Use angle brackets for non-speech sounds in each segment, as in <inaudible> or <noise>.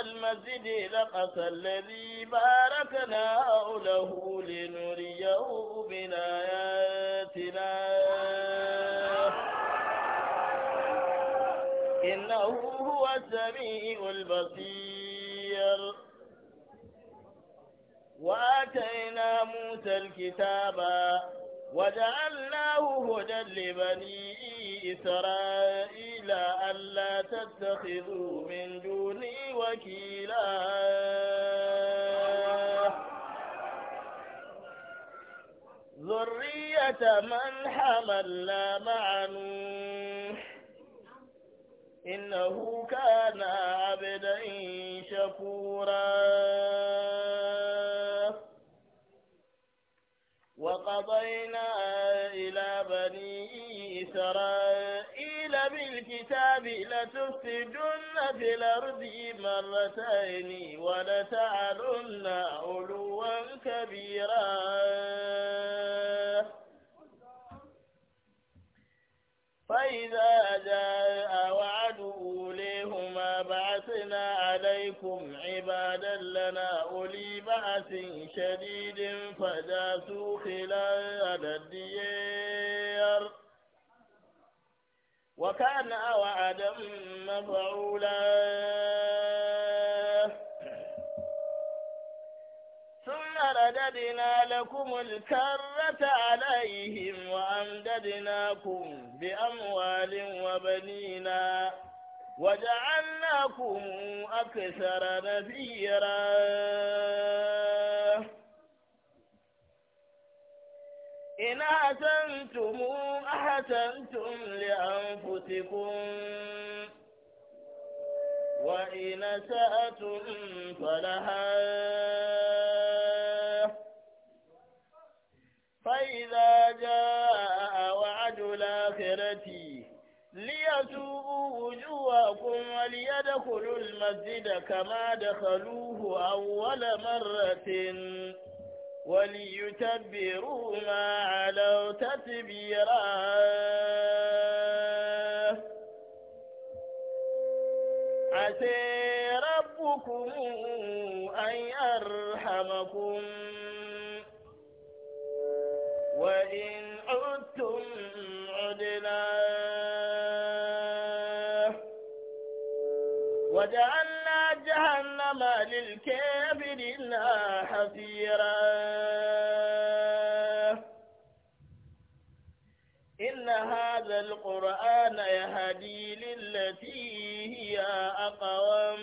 المسجد لقص الذي باركنا له لنريه من آياتنا إنه هو السميع البصير وآتينا موسى الكتاب وجعلناه هدى لبني إسرائيل إلى ألا تتخذوا من دوني وكيلا ذرية من حملنا مع نوح إنه كان عبدا شكورا وقضينا إلى بني إسرائيل لتفسدن في الأرض مرتين ولتعلن علوا كبيرا فإذا جاء وعد أوليهما بعثنا عليكم عبادا لنا أولي بأس شديد فجاسوا خلال الديار وكان وعدا مفعولا ثم رددنا لكم الكرة عليهم وأمددناكم بأموال وبنينا وجعلناكم أكثر نفيرا إن أحسنتم أحسنتم لأنفسكم وإن سأتم فلها فإذا جاء وعد الآخرة ليسوءوا وجوهكم وليدخلوا المسجد كما دخلوه أول مرة وليتبروا ما علوا تتبيرا عسى ربكم أن يرحمكم وإن عدتم عدنا وجعل القرآن يهدي للتي هي أقوم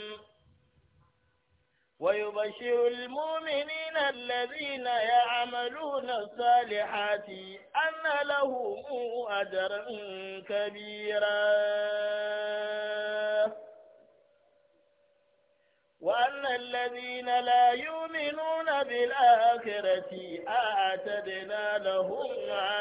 ويبشر المؤمنين الذين يعملون الصالحات أن لهم أجرا كبيرا وأن الذين لا يؤمنون بالآخرة أعتدنا لهم عذابا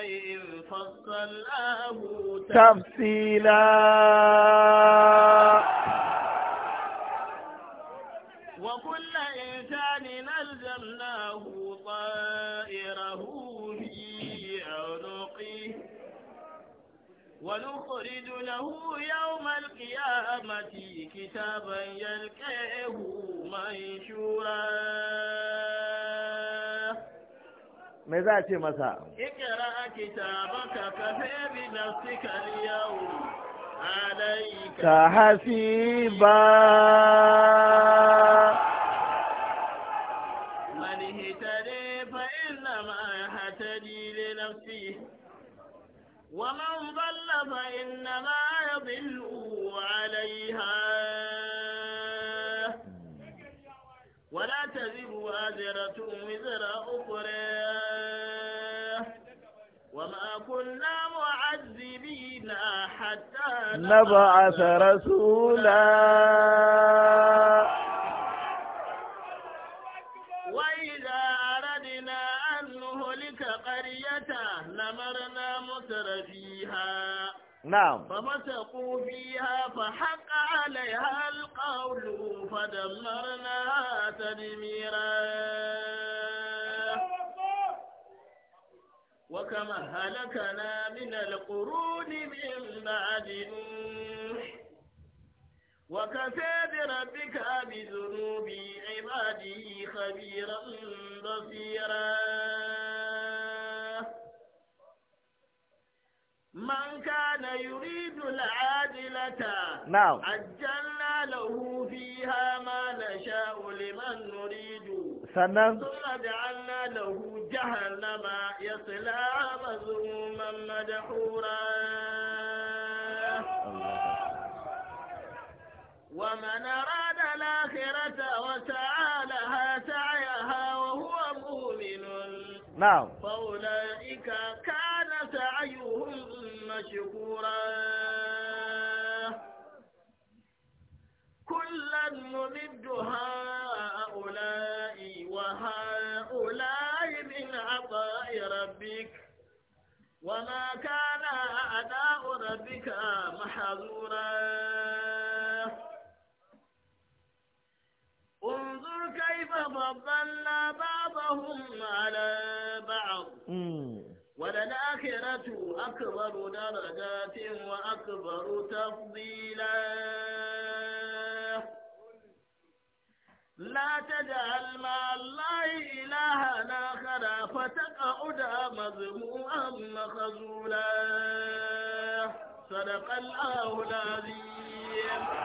شيء فصلناه تفصيلا وكل إنسان ألزمناه طائره في عنقه ونخرج له يوم القيامة كتابا يلقيه منشورا mai za a ce masa ikra kitabaka kafa bi nafsika al-yawm alayka hasiba man hitade fa inna ma hatadi li nafsihi wa man dhalla fa inna ma نبعث رسولا وإذا أردنا أن نهلك قرية نمرنا متر فيها نعم فمسقوا فيها فحق عليها القول فدمرناها تدميرا وكما هلكنا من القرون من بعد وكفى بربك بذنوب عباده خبيرا بصيرا من كان يريد العادلة نعم عجلنا له فيها ما نشاء لمن نريد ثم جهنم يصلى مذموما مدحورا ومن أراد الآخرة وسعى لها سعيها وهو مؤمن نعم فأولئك كان سعيهم مشكورا كلا نمد هؤلاء وما كان أداء ربك محظورا انظر كيف فضلنا بعضهم على بعض وللآخرة أكبر درجات وأكبر تفضيلا لا تجعل مع الله إلهنا تقعد مذموما مخزولا صدق الله العظيم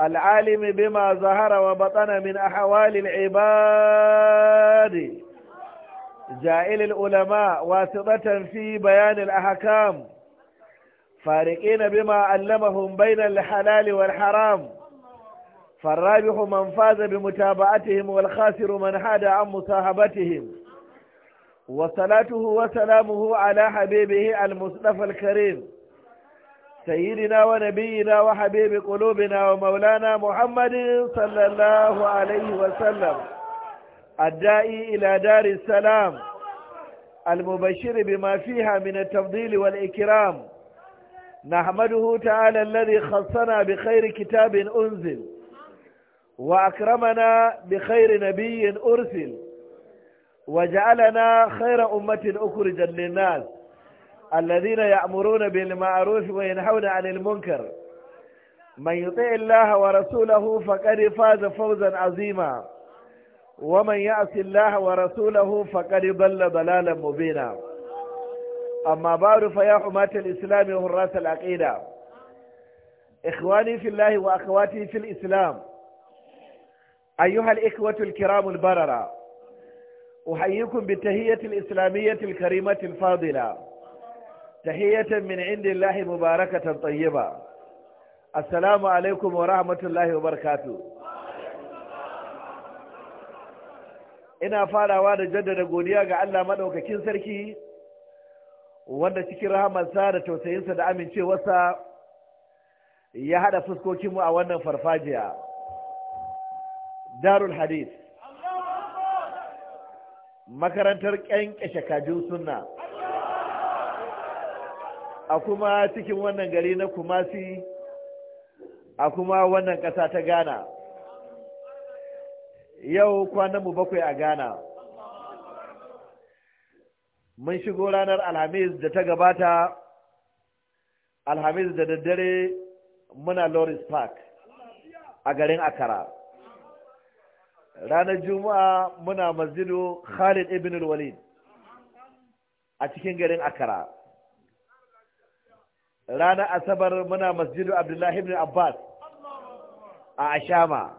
العالم بما ظهر وبطن من أحوال العباد جائل العلماء واسطة في بيان الأحكام فارقين بما علمهم بين الحلال والحرام فالرابح من فاز بمتابعتهم والخاسر من حاد عن مصاحبتهم وصلاته وسلامه على حبيبه المصطفى الكريم سيدنا ونبينا وحبيب قلوبنا ومولانا محمد صلى الله عليه وسلم الدائي إلى دار السلام المبشر بما فيها من التفضيل والإكرام نحمده تعالى الذي خصنا بخير كتاب أنزل وأكرمنا بخير نبي أرسل وجعلنا خير أمة أخرجا للناس الذين يأمرون بالمعروف وينهون عن المنكر من يطع الله ورسوله فقد فاز فوزا عظيما ومن يعص الله ورسوله فقد ضل ضلالا مبينا أما بعد فيا حماة الإسلام وحراس العقيدة إخواني في الله وأخواتي في الإسلام أيها الإخوة الكرام البررة أحييكم بالتهية الإسلامية الكريمة الفاضلة tahiyatan min indillahi mubarakatan tayyiba assalamu alaikum wa rahmatullahi wa barakatuh ina farawa da jaddada godiya ga Allah madaukakin sarki wanda cikin rahamarsa da tausayinsa da amincewarsa ya hada fuskokinmu a wannan farfajiya darul hadith makarantar kyankashe kajin sunna a kuma cikin wannan gari na kumasi a kuma wannan ƙasa ta gana, yau mu bakwai a gana. mun shigo ranar alhamis da ta gabata alhamis da daddare muna loris park a garin akara ranar juma'a muna mazidu khalid ibn walid a cikin garin akara ranar asabar muna masjidu abdullahi ibn abbas a ashama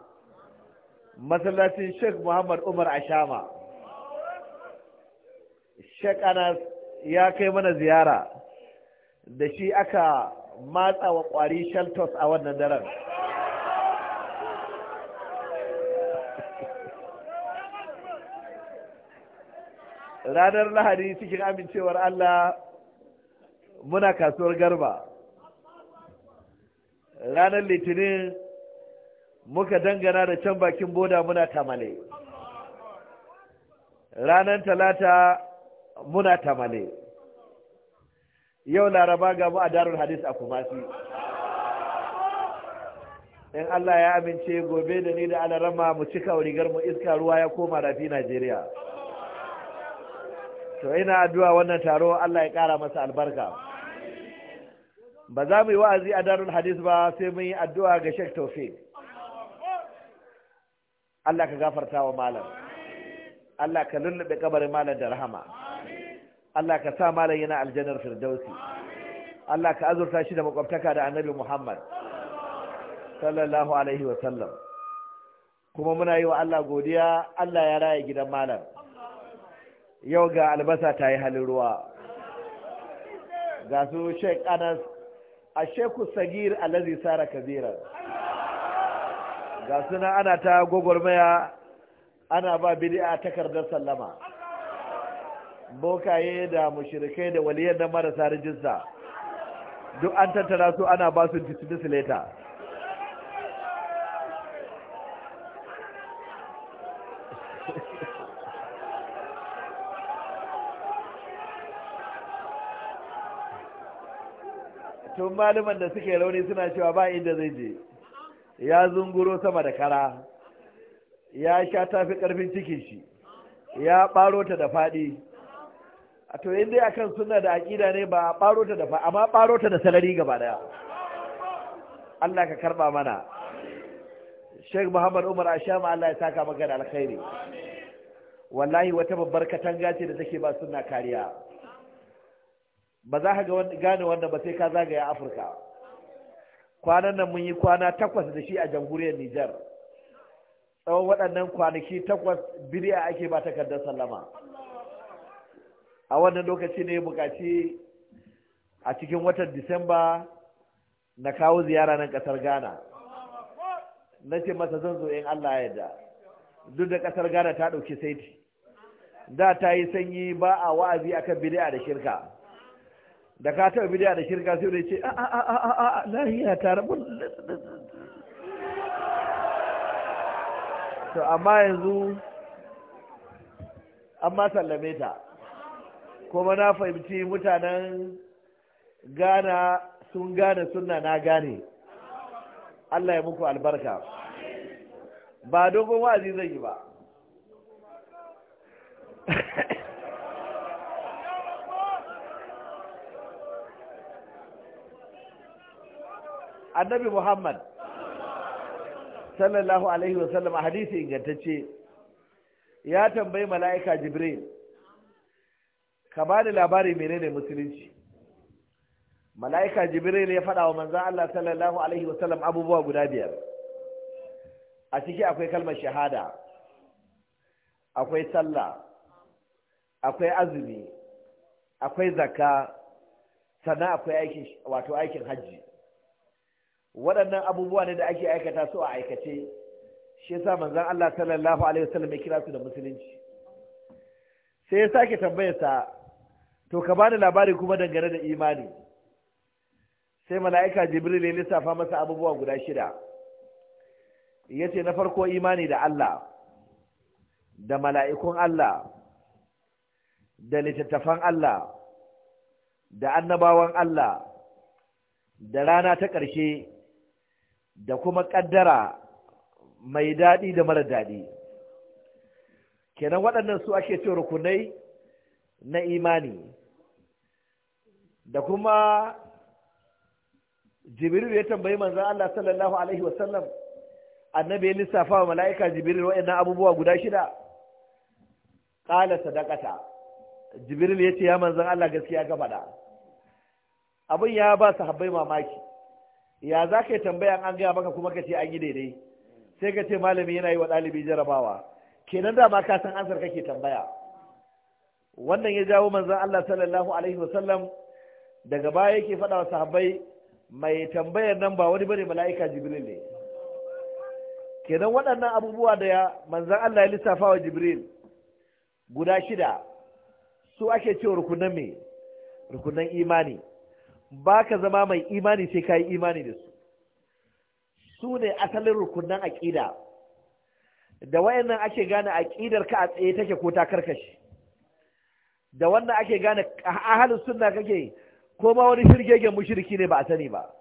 masallacin sheikh muhammad umar ashama sheikh anas ya kai mana ziyara da shi aka matsa wa kwari sheltos a wannan daren ranar lahadi cikin amincewar allah muna kasuwar garba ranar litinin muka dangana da can bakin boda muna tamale ranar talata muna tamale yau laraba ga mu a darul hadis a kumasi in Allah ya amince gobe da ni da alarama mu cika rigar mu iska ruwa ya koma rafi Najeriya to ina addu'a wannan taro Allah ya kara masa albarka ba za mu yi wa'azi a darul hadis ba sai mun yi addu'a ga Sheikh Tawfiq Allah ka gafarta wa malam Allah ka lullube kabarin malam da rahama Allah ka sa malam yana aljanar firdausi Allah ka azurta shi da makwabtaka da annabi Muhammad sallallahu alaihi wa sallam kuma muna yi wa Allah godiya Allah ya raya gidan malam yau ga albasa ta yi halin ruwa ga su Sheikh Anas a sheku sagir alazi sara kabira ga suna ana ta gwagwarmaya ana ba bid'a takardar sallama bokaye da mushirikai da waliyar da marasa rajista duk an tattara su ana ba su dismiss later tun malaman da suke rauni suna cewa ba inda zai je ya zunguro sama da kara ya sha tafi karfin cikin shi ya baro ta da fadi a to in dai akan suna da aƙida ne ba baro ta da amma baro ta da salari gaba daya Allah ka karba mana Sheikh Muhammad Umar Ashama Allah ya saka maka da alkhairi wallahi wata babbar katanga ce da take ba sunna kariya ba za ka gane wanda ba sai ka zagaya afirka kwanan nan mun yi kwana takwas da shi a jamhuriyar nijar tsawon waɗannan kwanaki takwas biriya ake ba takardar sallama a wannan lokaci ne bukaci a cikin watan disamba na kawo ziyara nan ƙasar ghana na ce masa zan zo in allah yadda duk da ƙasar ghana ta ɗauki saiti da ta yi sanyi ba a wa'azi akan biri'a da shirka da ka taɓa bidiya da shirka sai da ce a a a a a lahiya tare mun to amma yanzu an ma sallame ta kuma na fahimci mutanen gana sun gane sunna na gane Allah ya muku albarka ba dogon wa'azi zai yi ba annabi muhammad sallallahu alaihi wasallam a hadisi ingantacce ya tambayi mala'ika jibril ka ba da labari menene musulunci mala'ika jibril ya faɗa wa manzan allah sallallahu alaihi wasallam abubuwa guda biyar a ciki akwai kalmar shahada akwai sallah akwai azumi akwai zakka sannan akwai aikin wato aikin hajji waɗannan abubuwa ne da ake aikata su a aikace shi yasa manzon Allah sallallahu alaihi wasallam ya kira su da musulunci sai ya sake tambayarsa to ka bani labari kuma dangane da imani sai mala'ika jibril ya lissafa masa abubuwa guda shida ya ce na farko imani da Allah da mala'ikun Allah da littattafan Allah da annabawan Allah da rana ta ƙarshe da kuma ƙaddara mai daɗi da mara daɗi kenan waɗannan su ake ce rukunai na imani da kuma jibril ya tambayi manzo Allah sallallahu Alaihi wasallam annabi ya lissafa wa mala'ika jibril waɗannan abubuwa guda shida ƙala sadakata jibril ya ce ya manzo Allah gaskiya ga faɗa abin ya ba su habbai mamaki ya za ka yi tambaya an gaya maka kuma ka ce an yi daidai sai ka ce malami yana yi wa ɗalibi jarabawa kenan da ma ka san ansar kake tambaya wannan ya jawo manzon Allah sallallahu alaihi wasallam daga baya yake faɗa wa sahabbai mai tambayar nan ba wani bane mala'ika jibril ne kenan waɗannan abubuwa da ya, manzon Allah ya lissafa wa jibril guda shida su ake cewa rukunan me rukunan imani ba ka zama mai imani sai ka yi imani da su su ne asalin rukunan aƙida da wayannan ake gane aƙidar ka a tsaye take ko ta karkashi da wannan ake gane ahalin sunna kake ko ma wani shirgegen mushriki ne ba a sani ba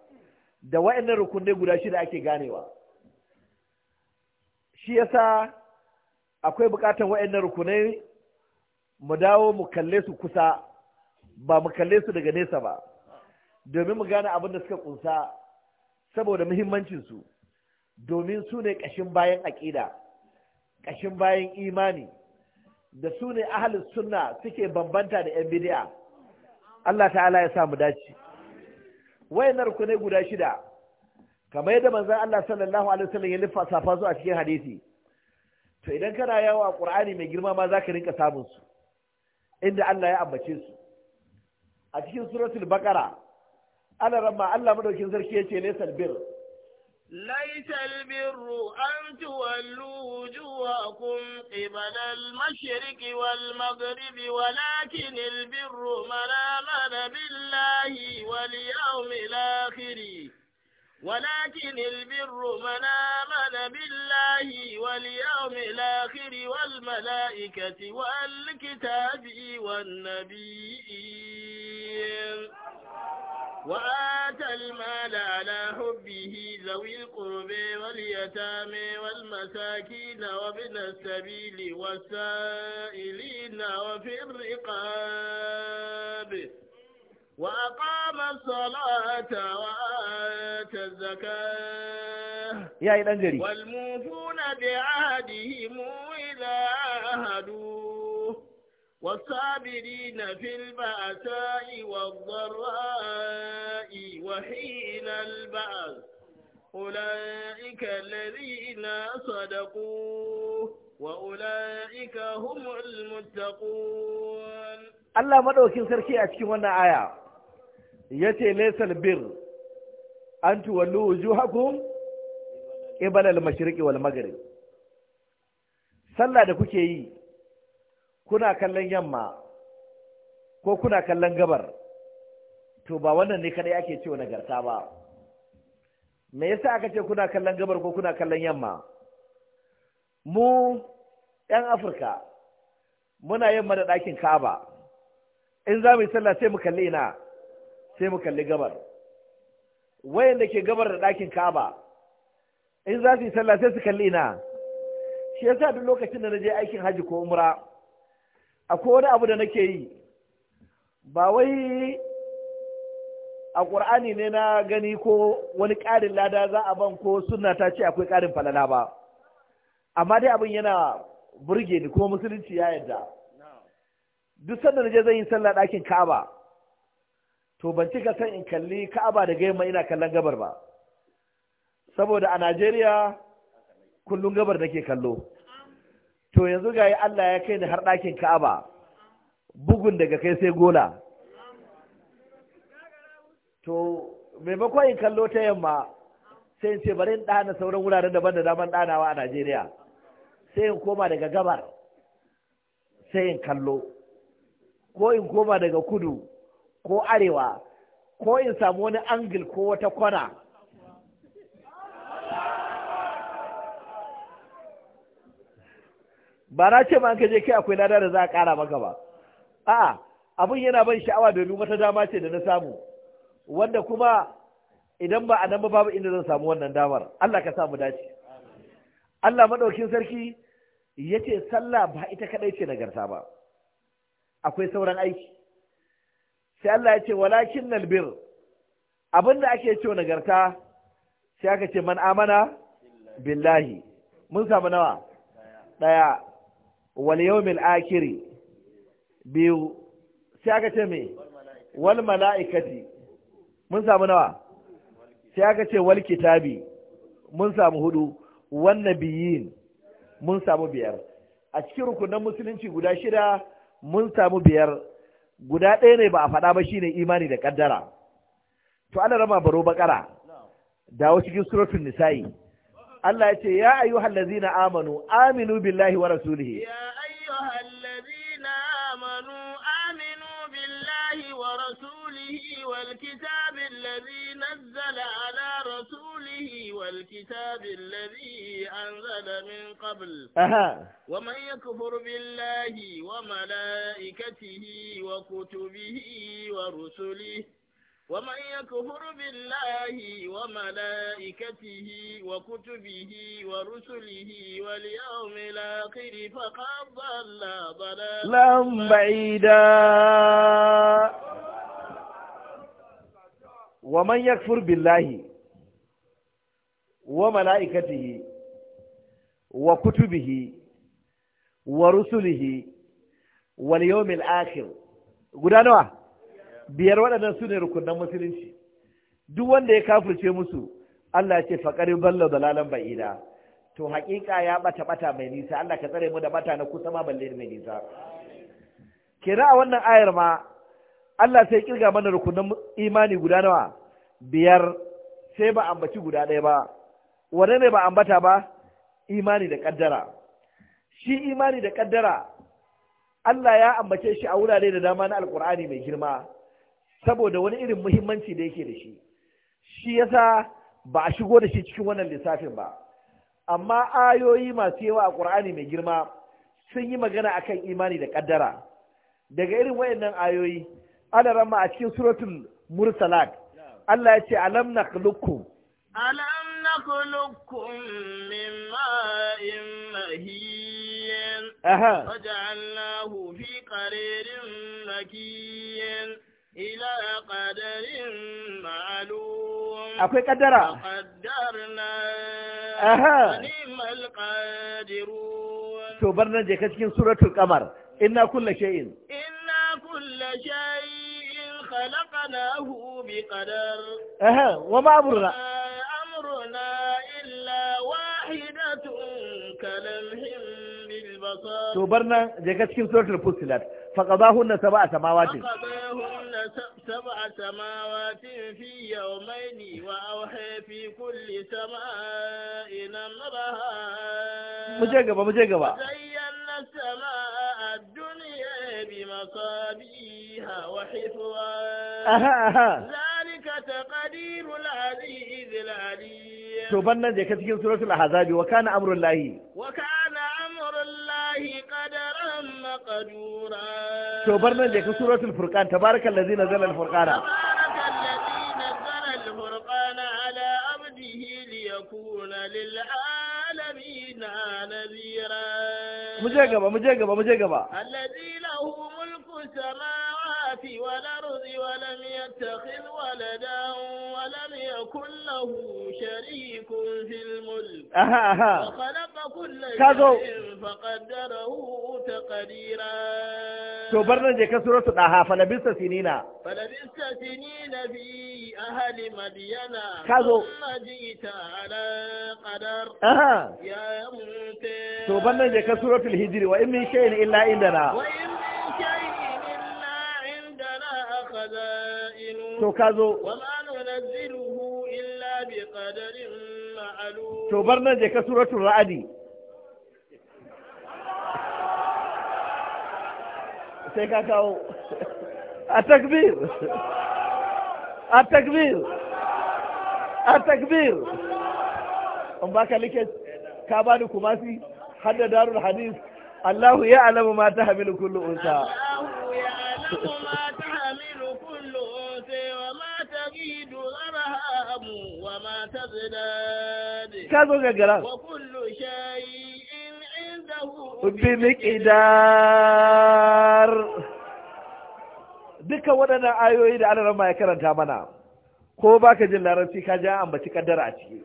da wayannan rukunai guda shida ake ganewa shi yasa akwai bukatan wayannan rukunai mu dawo mu kalle su kusa ba mu kalle su daga nesa ba domin mu gane abin da suka kunsa saboda muhimmancinsu domin su ne ƙashin bayan aƙida ƙashin bayan imani da su ne ahalin suna suke bambanta da 'yan bidi'a Allah ta'ala ya samu dace wayannan rukunai guda shida kamar yadda manzon Allah sallallahu alaihi wasallam ya nufa safa su a cikin hadisi to idan kana yawo a Qur'ani mai girma ma zaka rinka samun su inda Allah ya ambace su a cikin suratul bakara. ana ramma Allah madaukin sarki yace ne bir laysal birru an tuwallu wujuhakum qibala al-mashriq wal maghrib walakin al-birru billahi wal yawmil akhir ولكن البر من آمن بالله واليوم الآخر والملائكة والكتاب والنبيين وآتى المال على حبه ذوي القرب واليتامى والمساكين وابن السبيل والسائلين وفي الرقاب وأقام الصلاة وآتى الزكاة يا إلى والموفون والصابرين في البأساء والضراء وحين البأس أولئك الذين صدقوا وأولئك هم المتقون الله مدوكين سركي أتكي وانا آية يتي ليس البر أن تولوا وجوهكم قبل المشرق والمغرب sallah da kuke yi kuna kallon yamma ko kuna kallon gabar to ba wannan ne kadai ake cewa nagarta ba me yasa aka ce kuna kallon gabar ko kuna kallon yamma mu ɗan afirka muna yamma da ɗakin kaba in za mu yi sallah sai mu kalli ina sai mu kalli gabar wayanda ke gabar da ɗakin kaba in za su yi sallah sai su kalli ina shi yasa duk lokacin da na je aikin hajji ko umra akwai wani abu da nake yi ba wai a ƙur'ani ne na gani ko wani ƙarin lada za a ban ko suna ta ce akwai ƙarin falala ba amma dai abin yana burge ni ko musulunci ya yarda duk sanda na je zan yi sallah ɗakin ka'aba to ban cika san in kalli ka'aba da gaima ina kallon gabar ba saboda a najeriya kullum gabar nake kallo to yanzu ga yi Allah ya kai ni har ɗakin Ka'aba bugun daga kai sai gola to maimakon in kallo ta yamma sai in ce bari in ɗana sauran wuraren daban da daman ɗanawa a Najeriya sai in koma daga gabar sai in kallo ko in koma daga kudu ko arewa ko in samu wani angle ko wata kwana ba na ce ma an je kai akwai lada da za a kara maka ba a'a abun yana ban sha'awa domin wata dama ce da na samu wanda kuma idan ba a nan ba babu inda zan samu wannan damar Allah ka samu dace Allah madaukin sarki yace sallah ba ita kadai ce nagarta ba akwai sauran aiki sai Allah ya ce walakin nalbir abin da ake cewa nagarta sai aka ce man amana billahi mun samu nawa daya wal yawmil akhir biyu sai aka ce me wal mala'ikati mun samu nawa sai aka ce wal kitabi mun samu hudu wan nabiyyin mun samu biyar a cikin rukunan musulunci guda shida mun samu biyar guda ɗaya ne ba a faɗa ba shine imani da kaddara to ana rama baro bakara dawo cikin suratul nisa'i Allah ya ce ya ayyuhal ladzina amanu aminu billahi wa rasulihi ya ayyuhal ladzina amanu aminu billahi wa rasulihi wal kitabil ladzi nazzala ala rasulihi wal kitabil ladzi anzala min qabl aha wa man yakfur billahi wa malaikatihi wa kutubihi wa rusulihi ومن يكفر بالله وملائكته وكتبه ورسله واليوم الآخر فقد ضل ضلالا بعيدا ومن يكفر بالله وملائكته وكتبه ورسله واليوم الآخر قلنا biyar waɗannan su ne rukunan musulunci duk wanda ya kafirce musu Allah ce faƙarin ballo dalalan ba'ida to haƙiƙa ya ɓata ɓata mai nisa Allah ka tsare mu da ɓata na kusa ma balle mai nisa kira a wannan ayar ma Allah sai kirga mana rukunan imani guda nawa biyar sai ba ambaci guda ɗaya ba wanne ne ba ambata ba imani da kaddara shi imani da kaddara Allah ya ambace shi a wurare da dama na alkur'ani mai girma saboda wani irin muhimmanci da yake da shi shi yasa ba a shigo da shi cikin wannan lissafin ba amma ayoyi masu yawa a ƙur'ani mai girma sun yi magana akan imani da ƙaddara daga irin wayannan ayoyi ana rama a cikin suratul mursalat Allah ya ce alam nakhluqukum alam nakhluqukum min ma'in mahiyin aha waja'alnahu fi qaririn makiyin ila qadarin ma'lum akwai kaddara qaddarna aha nimal qadirun to bar nan je ka cikin suratul qamar inna kulla shay'in inna kulla shay'in khalaqnahu biqadar aha wa ma amruna amruna illa wahidatun kalamhin bil basar to bar nan je ka cikin suratul fusilat faqadahunna sab'a samawati faqadahunna سبع سماوات في يومين وأوحي في كل سماء أمرها مجاقبة مجاقبة زينا السماء الدنيا بمصابيها وحفظها ذلك تقدير العزيز العليم توبنا جاك تكين سورة الأحزاب وكان أمر الله وكان أمر الله قدرا مقدورا to bar nan je ka suratul furqan tabarakal ladzi nazala al furqana muje gaba muje gaba muje gaba alladhi lahu mulku samawati wal ardi wa lam yattakhidh waladan wa lam yakul lahu sharikun fil mulk aha aha khalaqa kulla shay'in faqaddarahu taqdira to bar nan je ka suratu daha falabista sinina falabista sinina bi ka zo majita ala qadar ya to bar nan je ka hijri wa in min shay'in illa indana wa in min shay'in illa indana to ka zo wa ma illa bi qadarin ma'lum to bar nan je ka suratul ra'di sai ka kawo a takbir a takbir a takbir in ba ka like ka ba ni kumasi har darul hadis Allahu ya alamu ma ta hamilu kullu unsa ka zo gagara bimiƙidar duka waɗannan ayoyi da alaran ya karanta mana ko ba ka jin larabci ka ja ambaci kaddara a ciki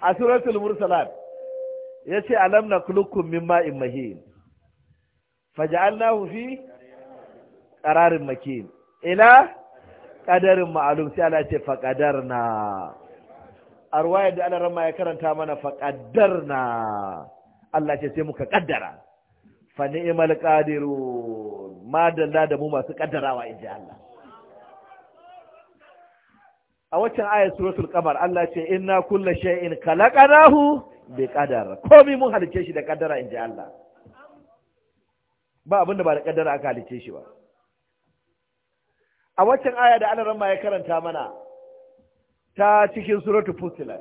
a suratul mursalat ya ce alam na kulukun min ma'in mahin na fi ƙararin makin ila ƙadarin ma'alum sai ana ce faƙadar na a ruwayar da ana rama ya karanta mana faƙaddar na Allah ce sai muka ƙaddara fa ni'mal qadiru madalla da mu masu ƙaddarawa in ji Allah a waccan ayat suratul qamar Allah ce inna kulla shay'in khalaqnahu bi qadar komai mun halice shi da ƙaddara in ji Allah ba abinda ba da ƙaddara aka halice shi ba a waccan aya da Allah ramma ya karanta mana ta cikin suratu fusilat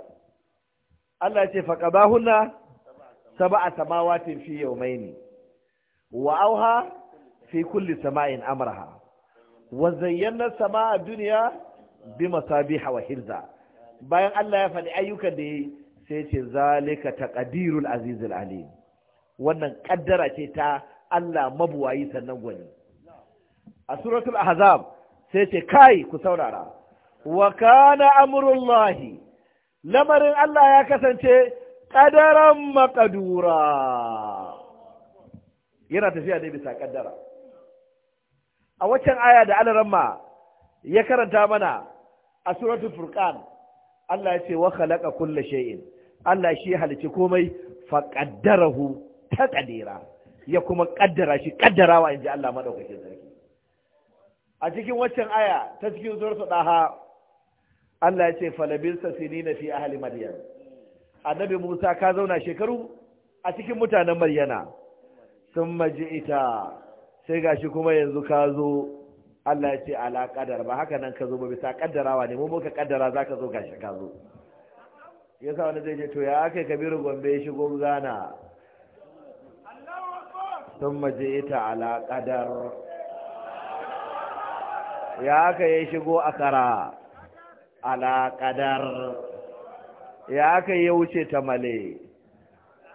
Allah ce faqabahunna sab'a samawatin fi yawmayn wa auha fi kulli sama'in amraha wa zayyana sama'a dunya bi masabiha wa hirza bayan Allah ya faɗi ayyukan da yi sai ce zalika taqdirul azizul alim wannan kaddara ce ta Allah mabuwayi sannan gwani a suratul ahzab sai ce kai ku saurara wa kana amrullahi lamarin Allah ya kasance ƙadaran makadura yana tafiya da bisa ƙaddara a waccan aya da alaramma ya karanta mana a suratul furqan Allah ya ce wa khalaqa kulla shay'in Allah shi halice komai fa qaddarahu qadira ya kuma kaddara shi kaddarawa inji Allah madaukakin sarki a cikin waccan aya ta cikin suratul daha Allah ya ce falabirsa na fi ahali Maryam. annabi Musa ka zauna shekaru a cikin mutanen Maryana sun ita sai gashi kuma yanzu ka zo Allah ya ce ala kadar ba haka nan ka zo ba bisa ƙaddarawa ne mu muka za ka zo gashi ka zo Ya sa wani zai ce to ya aka kabiru gombe ya shigo gana sun ita ala kadar ya aka ya shigo a kara ala ya aka ya wuce ta male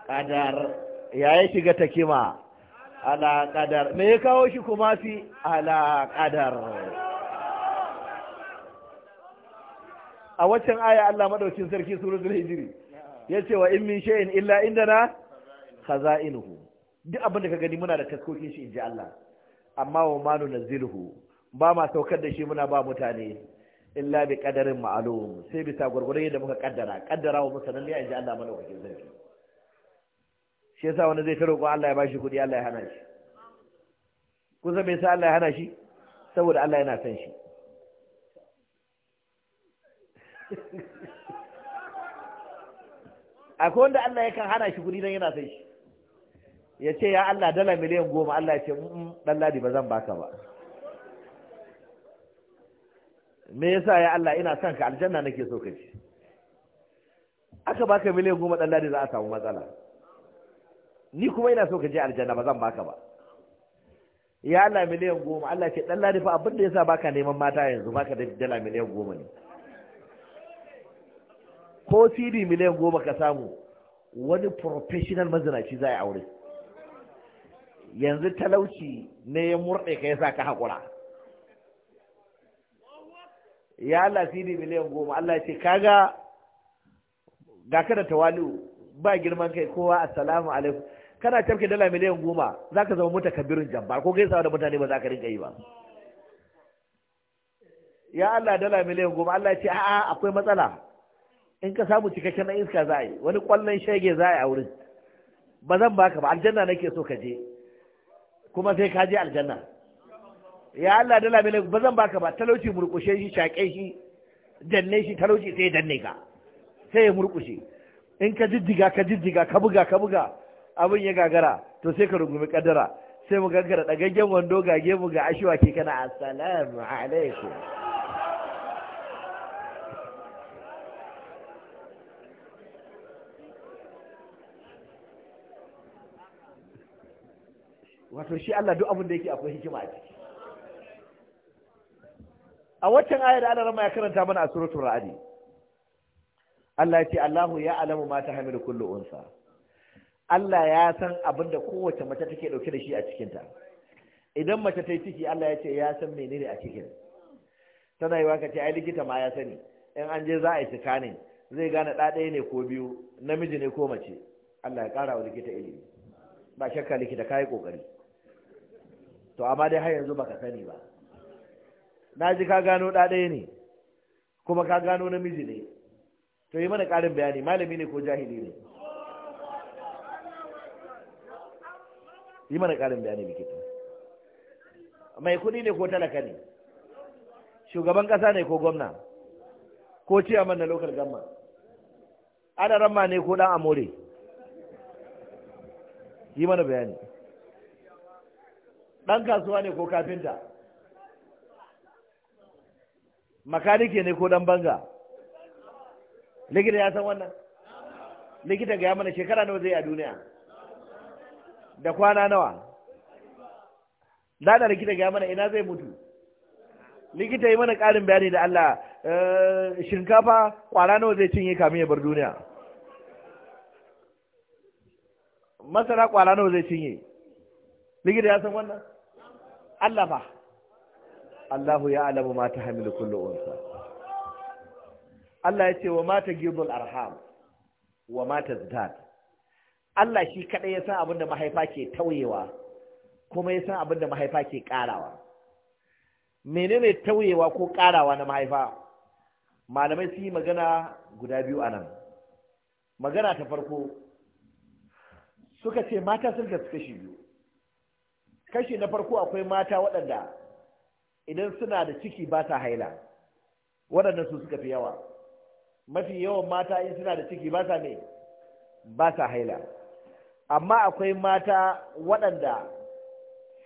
ƙadar ya yi shiga ta kima ala me ya kawo shi kuma fi ala a waccan aya Allah maɗaukin sarki suratul hijri yace wa in min shay'in illa indana khaza'inuhu duk abin da ka gani muna da taskokin shi inji Allah amma wa manu nazilhu ba ma saukar da shi muna ba mutane illa bi qadarin ma'lum sai bisa gurgurun yadda muka kaddara kaddara wa musanan ne inji Allah madaukakin sarki shi yasa wani zai ta ko Allah ya bashi kuɗi Allah ya hana shi kun san me yasa Allah ya hana shi saboda Allah yana son shi <laughs> akwai wanda Allah yakan hana shi kuɗi dan yana son shi ya ce ya Allah dala miliyan goma Allah ya ce ɗan ladi ba zan baka ba me yasa ya Allah ina son ka aljanna nake so ka ci aka baka miliyan goma dan ladi za a samu matsala ni kuma ina so ka je aljanna ba zan baka ba ya Allah miliyan goma Allah ce dan ladi fa abin da yasa baka neman mata yanzu baka da dala miliyan goma ne ko CD miliyan goma ka samu wani professional mazinaci za a aure yanzu talauci ne ya murɗe ka yasa ka haƙura ya Allah fili miliyan goma Allah ce kaga ga ka da tawali'u ba girman kai kowa assalamu alaikum kana tafke dala miliyan goma za ka zama kabirin jabbar ko gaisawa da mutane ba za ka rinka yi ba ya Allah dala miliyan goma Allah ce a'a akwai matsala in ka samu cikakken na iska za a yi wani kwallon shege za a yi a wurin ba zan baka ba aljanna nake so ka je kuma sai ka je aljanna ya Allah da labe ba zan baka ba talauci murkushe shi shaƙe shi danne shi talauci sai ya danne ka sai ya murkushe in ka jijjiga ka jijjiga ka buga ka buga abin ya gagara to sai ka rungumi kaddara sai mu gagara dagaggen wando gage mu ga ashiwa ke kana assalamu alaikum wato shi Allah duk abin da yake akwai hikima a ciki a waccan ayar da Allah ya karanta mana a suratul ra'd Allah ya ce Allahu ya alamu ma hamilu kullu unsa Allah ya san abin da kowace mace take dauke da shi a cikin ta idan mace ta yi ciki Allah ya ce ya san menene a cikin tana yi waka ce ai likita ma ya sani in an je za a yi sikanin. zai gane da ɗaya ne ko biyu namiji ne ko mace Allah ya ƙara wa likita ilimi ba shakka likita kayi kokari to amma dai har yanzu baka sani ba na ji ka gano ɗa ɗaya ne kuma ka gano namiji ne to yi mana ƙarin bayani malami ne ko jahili ne yi mana ƙarin bayani bikita mai kuɗi ne ko talaka ne shugaban ƙasa ne ko gwamna ko ciyaman na lokal gamma ana ramma ne ko ɗan amore yi mana bayani ɗan kasuwa ne ko kafinta makanike ne ko dan banga likita ya san wannan likita ga mana shekara nawa zai a duniya da kwana nawa da likita ga mana ina zai mutu likita yi mana ƙarin bayani da Allah eh, shinkafa kwana nawa zai cinye kamin ya bar duniya masara kwana nawa zai cinye likita ya san wannan Allah fa Allahu ya alamu ma hamilu kullu unsa Allah ya ce wa mata gibul arham wa mata zidat Allah shi kaɗai ya san abin mahaifa ke tauyewa kuma ya san abin mahaifa ke ƙarawa menene tauyewa ko karawa na mahaifa malamai su yi magana guda biyu a nan magana ta farko suka ce mata sun kashi biyu kashi na farko akwai mata waɗanda idan suna da ciki ba ta haila waɗannan su suka fi yawa mafi yawan mata in suna da ciki ba ta ne ba ta haila amma akwai mata waɗanda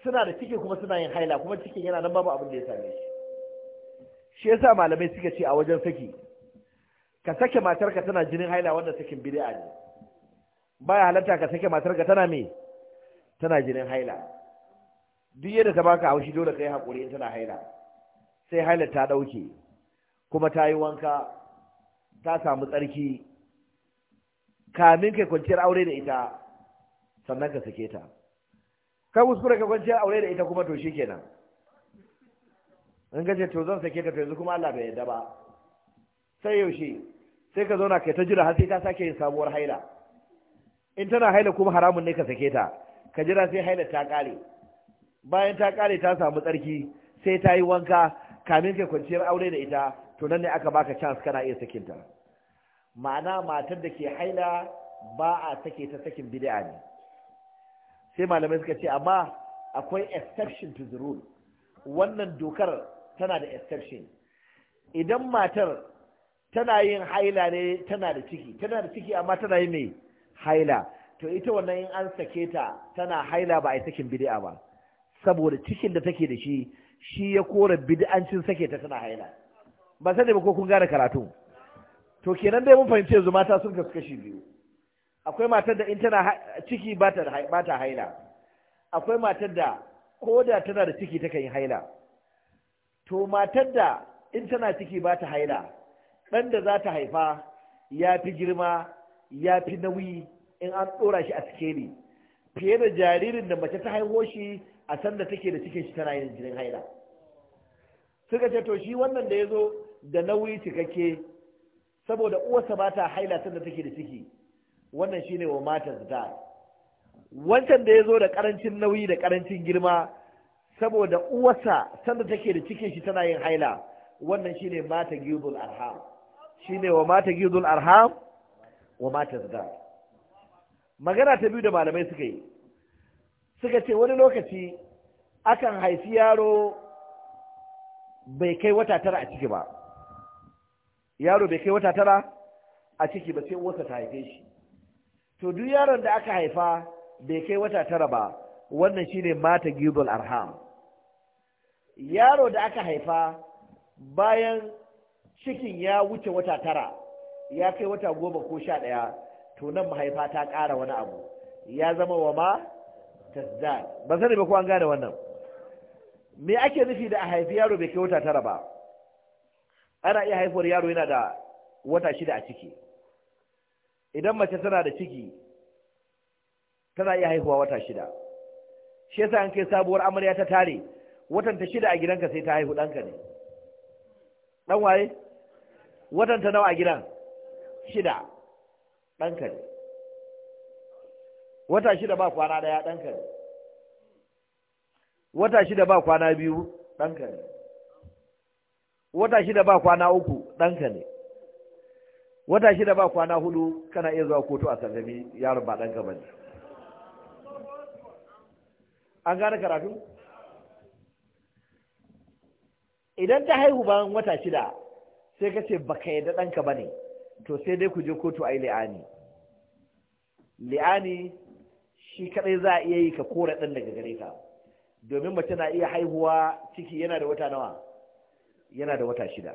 suna da ciki kuma suna yin haila kuma cikin yana nan babu abin da ya same shi shi yasa malamai suka ce a wajen saki ka sake matarka tana jinin haila wanda sakin bid'a ne baya halatta ka sake matarka tana me tana jinin haila duk yadda ta baka haushi dole kai haƙuri in tana haila sai haila ta ɗauke kuma ta yi wanka ta samu tsarki kamin kai kwanciyar aure da ita sannan ka sake ta ka kuskure ka kwanciyar aure da ita kuma to shi kenan in ka ce to zan sake ta to yanzu kuma Allah bai yarda ba sai yaushe sai ka zauna kai ta jira har sai ta sake yin sabuwar haila in tana haila kuma haramun ne ka sake ta ka jira sai haila ta kare bayan ta kare ta samu tsarki sai ta yi wanka kamin kai kwanciyar aure da ita to nan ne aka baka chance kana iya sakinta ma'ana matar da ke haila ba a sake ta sakin bid'a ne sai malamai suka ce amma akwai exception to the rule wannan dokar tana da exception idan matar tana yin haila ne tana da ciki tana da ciki amma tana yin mai haila to ita wannan in an sake ta tana haila ba a yi sakin bid'a ba saboda cikin da take da shi shi ya kora bid'ancin sake ta tana haila ba sai ba ko kun gane karatu to kenan dai mun fahimci yanzu mata sun kasu kashi biyu akwai matar da in tana ciki ba ta haila akwai matar da ko da tana da ciki ta yi haila to matar da in tana ciki ba ta haila ɗan da za ta haifa ya fi girma ya fi nauyi in an ɗora shi a sikeli fiye da jaririn da mace ta haihuwa shi a sanda take da cikin shi tana yin jinin haila suka ce to shi wannan da ya zo da nauyi cikakke saboda uwarsa ba ta haila sanda take da ciki wannan shine wa matar da wancan da ya zo da karancin nauyi da karancin girma saboda uwarsa sanda take da cikin shi tana yin haila wannan shine mata gizul arham shine wa mata gizul arham wa mata da magana ta biyu da malamai suka yi suka ce wani lokaci akan haifi yaro bai kai wata tara a ciki ba yaro bai kai wata tara a ciki ba sai wata ta haife shi to duk yaron da aka haifa bai kai wata tara ba wannan shine mata gibul arham yaro da aka haifa bayan cikin ya wuce wata tara ya kai wata goma ko sha ɗaya to nan mahaifa ta ƙara wani abu ya zama wa ma kazzab ba sani ba ko an gane wannan me ake nufi da a haifi yaro bai kai wata tara ba ana iya haifuwar yaro yana da wata shida a ciki idan mace tana da ciki tana iya haihuwa wata shida shi yasa an kai sabuwar amarya ta tare watan ta shida a gidanka sai ta haihu ɗanka ne ɗan waye watan ta nawa a gidan shida ɗanka ne wata shida ba kwana daya ɗanka ne wata shida ba kwana biyu ɗanka ne wata shida ba kwana uku ɗanka ne wata shida ba kwana hudu kana iya zuwa kotu a sallami yaron ba ɗanka ba ne an gane karatu idan ta haihu bayan wata shida sai ka ce baka yadda ɗanka ba ne to sai dai ku je kotu a yi li'ani li'ani shi kadai za a iya yi ka kore ɗin daga gare ka domin mace na iya haihuwa ciki yana da wata nawa yana da wata shida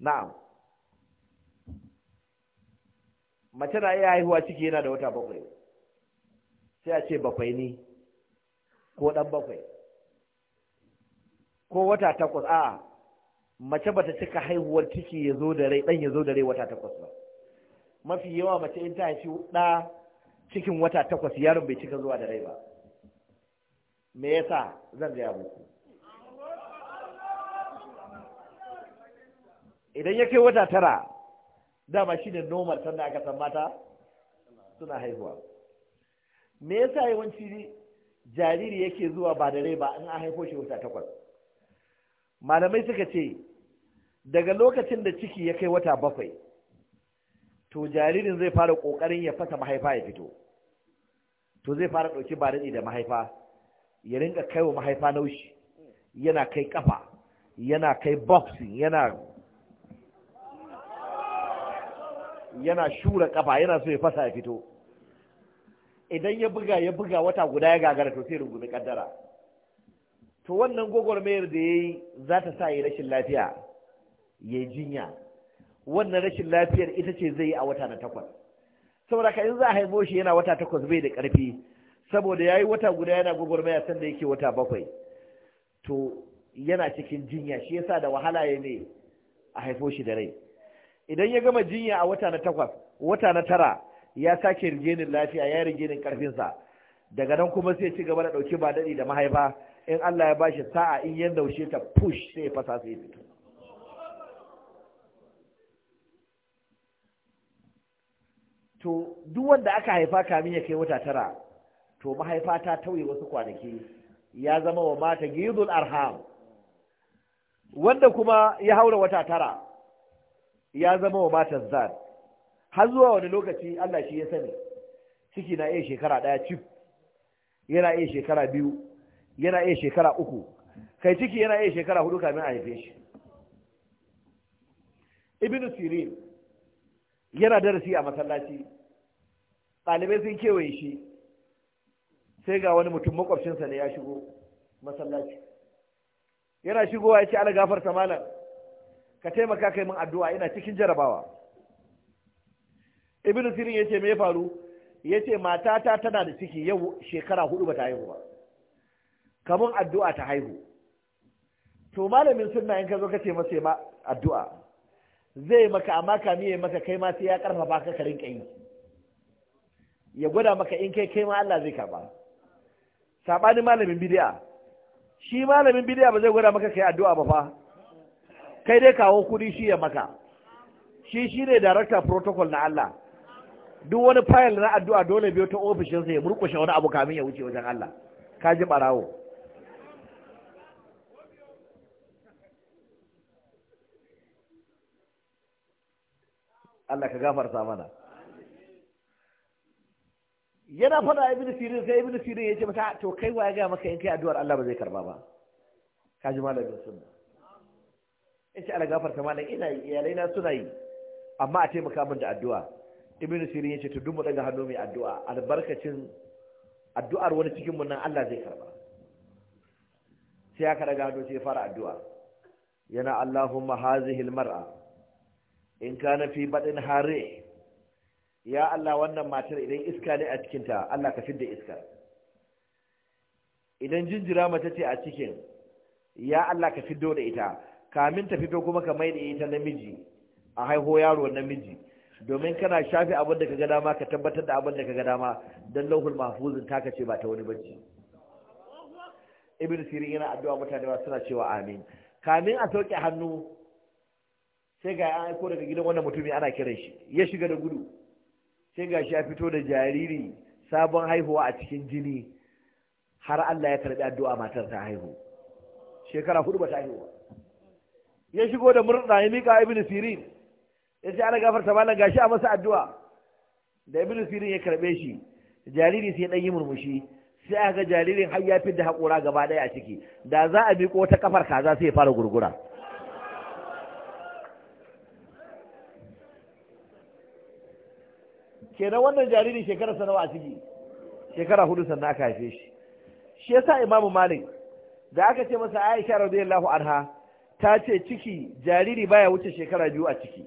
na'am mace na iya haihuwa ciki yana da wata bakwai sai a ce bakwai ni, ko ɗan bakwai ko wata takwas a mace bata cika haihuwar ciki ya zo da rai ɗan ya zo da rai wata takwas ba mafi yawa mace in ta haifi ɗa cikin wata takwas yaron bai cika zuwa da rai ba me yasa zan gaya muku idan ya kai wata tara dama shi ne normal sannan aka san mata suna haihuwa me yasa yawanci jariri yake zuwa ba da rai ba in an haifo shi wata takwas malamai suka ce daga lokacin da ciki ya kai wata bakwai to jaririn zai fara ƙoƙarin ya fasa mahaifa ya fito to zai fara ɗauki bariɗi da mahaifa ya rinka kai wa mahaifa naushi yana kai kafa yana kai boxing yana yana shura ƙafa, yana so ya fasa ya fito idan ya buga ya buga wata guda ya gagara to sai rungumi kaddara to wannan gwagwarmayar da ya yi za ta sa ya rashin lafiya ya jinya wannan rashin lafiyar ita ce zai yi a wata na takwas saboda ka in za a haifo shi yana wata takwas bai da ƙarfi saboda ya yi wata guda yana gwagwarmaya sanda yake wata bakwai to yana cikin jinya shi yasa da wahala ya ne a haifo shi da rai idan ya gama jinya a wata na takwas wata na tara ya sake rigenin lafiya ya rigenin ƙarfinsa daga nan kuma sai ci gaba da ɗauki ba daɗi da mahaifa in Allah ya bashi sa'a in ya naushe ta push sai ya fasa sai ya fito to duk wanda aka haifa kamin ya kai wata tara to mahaifa ta tauye wasu kwanaki ya zama wa mata gizul arham wanda kuma ya haura wata tara ya zama wa mata zan har zuwa wani lokaci Allah shi ya sani ciki na iya shekara ɗaya cif yana iya shekara biyu yana iya shekara uku kai ciki yana iya shekara hudu kamin a haife shi ibnu sirin yana darasi a masallaci ɗalibai sun kewaye shi sai ga wani mutum makwabcinsa ne ya shigo masallaci yana shigowa ya ce ala gafar malam ka taimaka kai min addu'a ina cikin jarabawa Ibn sirin ya ce me faru ya ce matata tana da ciki yau shekara hudu ba ta haihu ba kamun addu'a ta haihu to malamin sunna in ka zo ka ce masa addu'a zai maka amma ka ya maka kai ma sai ya karfafa ka ka rinka yi ya gwada maka in kai kai ma Allah zai karba sabanin malamin bid'a shi malamin bid'a ba zai gwada maka kai addu'a ba fa kai dai kawo kudi shi ya maka shi shi ne director protocol na Allah duk wani fayil na addu'a dole biyo ta ofishinsa ya murkushe wani abu kamin ya wuce wajen Allah ka ji barawo Allah ka gafarta mana yana fada Ibn sirin sai ibnu sirin ya ce masa ah, to kai wa ya ga maka in kai addu'ar Allah ba zai karba ba ka ji malamin sunna ce Allah gafarta mana ina iyalai na suna yi amma a taimaka min da addu'a ibnu sirin ce, to duk mu daga hannu mai addu'a albarkacin addu'ar wani cikin mu nan Allah zai karba sai aka daga hannu sai fara addu'a yana Allahumma hazihi al-mar'a in na fi baɗin hare ya Allah wannan matar idan iska ne a cikinta Allah ka fidda iska idan jinjira mace ce a cikin ya Allah ka fiddo da ita kamin ta fito kuma ka mai da ita namiji a haiho yaro namiji domin kana shafi abin da ka ga dama ka tabbatar da abin da ka ga dama don lauhul mahfuzin taka ce ba ta wani bacci ibn sirin yana addu'a mutane ba suna cewa amin kamin a sauke hannu sai ga an aiko daga gidan wannan mutumin ana kiran shi ya shiga da gudu sai ga shi ya fito da jariri sabon haihuwa a cikin jini har Allah ya karbi addu'a matar ta haihu shekara hudu ba ta haihuwa ya shigo da murna ya mika ibnu sirin ya ce ana gafarta mallan gashi a masa addu'a da ibnu sirin ya karɓe shi jariri sai dan yi murmushi sai aka ga jaririn har ya fidda haƙura gaba ɗaya a ciki da za a miƙo wata kafar kaza sai ya fara gurgura kenan wannan jariri shekara nawa a ciki shekara hudu sannan aka haife shi shi yasa imamu malik da aka ce masa aisha radiyallahu anha ta ce ciki jariri baya wuce shekara biyu a ciki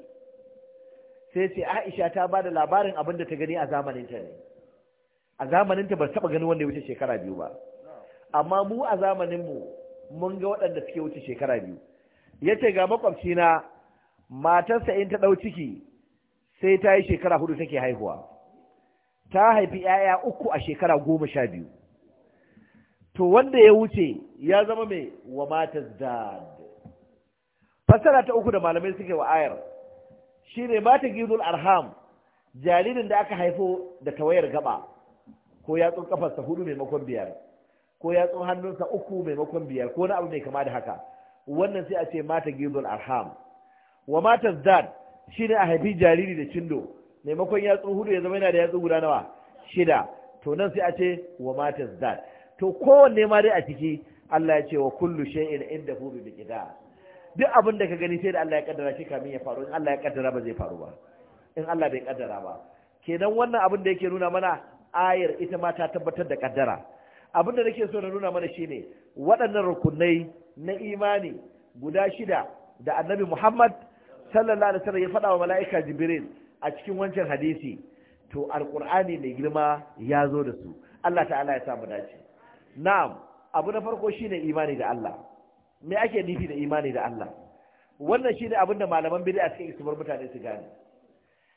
sai ce aisha ta ba da labarin abin da ta gani a zamaninta ne a zamaninta ba taba gani wanda ya wuce shekara biyu ba amma mu a zamanin mu, mun ga waɗanda suke wuce shekara biyu ya ce ga na matarsa in ta ɗau ciki sai ta yi shekara hudu take haihuwa ta haifi 'ya'ya uku a shekara goma sha biyu to wanda ya wuce ya zama mai wa matas dad fasara ta uku da malamai suke wa ayar shi ne mata gizul arham jaririn da aka haifo da tawayar gaba ko yatsun kafarsa hudu maimakon biyar ko yatsun hannunsa uku maimakon biyar ko na abu mai kama da haka wannan sai a ce mata gizul arham wa matas dad shi ne a haifi jariri da cindo maimakon yatsu hudu ya zama yana da yatsu guda nawa shida to nan sai a ce wa matas dat to kowanne ma dai a ciki Allah ya ce wa kullu shay'in inda hu bi qida duk abin da ka gani sai da Allah ya kaddara shi kamin ya faru in Allah ya kaddara ba zai faru ba in Allah bai kaddara ba kenan wannan abin da yake nuna mana ayar ita ma ta tabbatar da kaddara abin da nake so na nuna mana shine waɗannan rukunai na imani guda shida da annabi Muhammad sallallahu alaihi wasallam ya faɗa wa mala'ika jibril a cikin wancan hadisi to alqur'ani mai girma ya zo da su Allah ta'ala ya samu dace na'am abu na farko shine imani da Allah me ake nufi da imani da Allah wannan shine abin da malaman bid'a suka yi su bar mutane su gane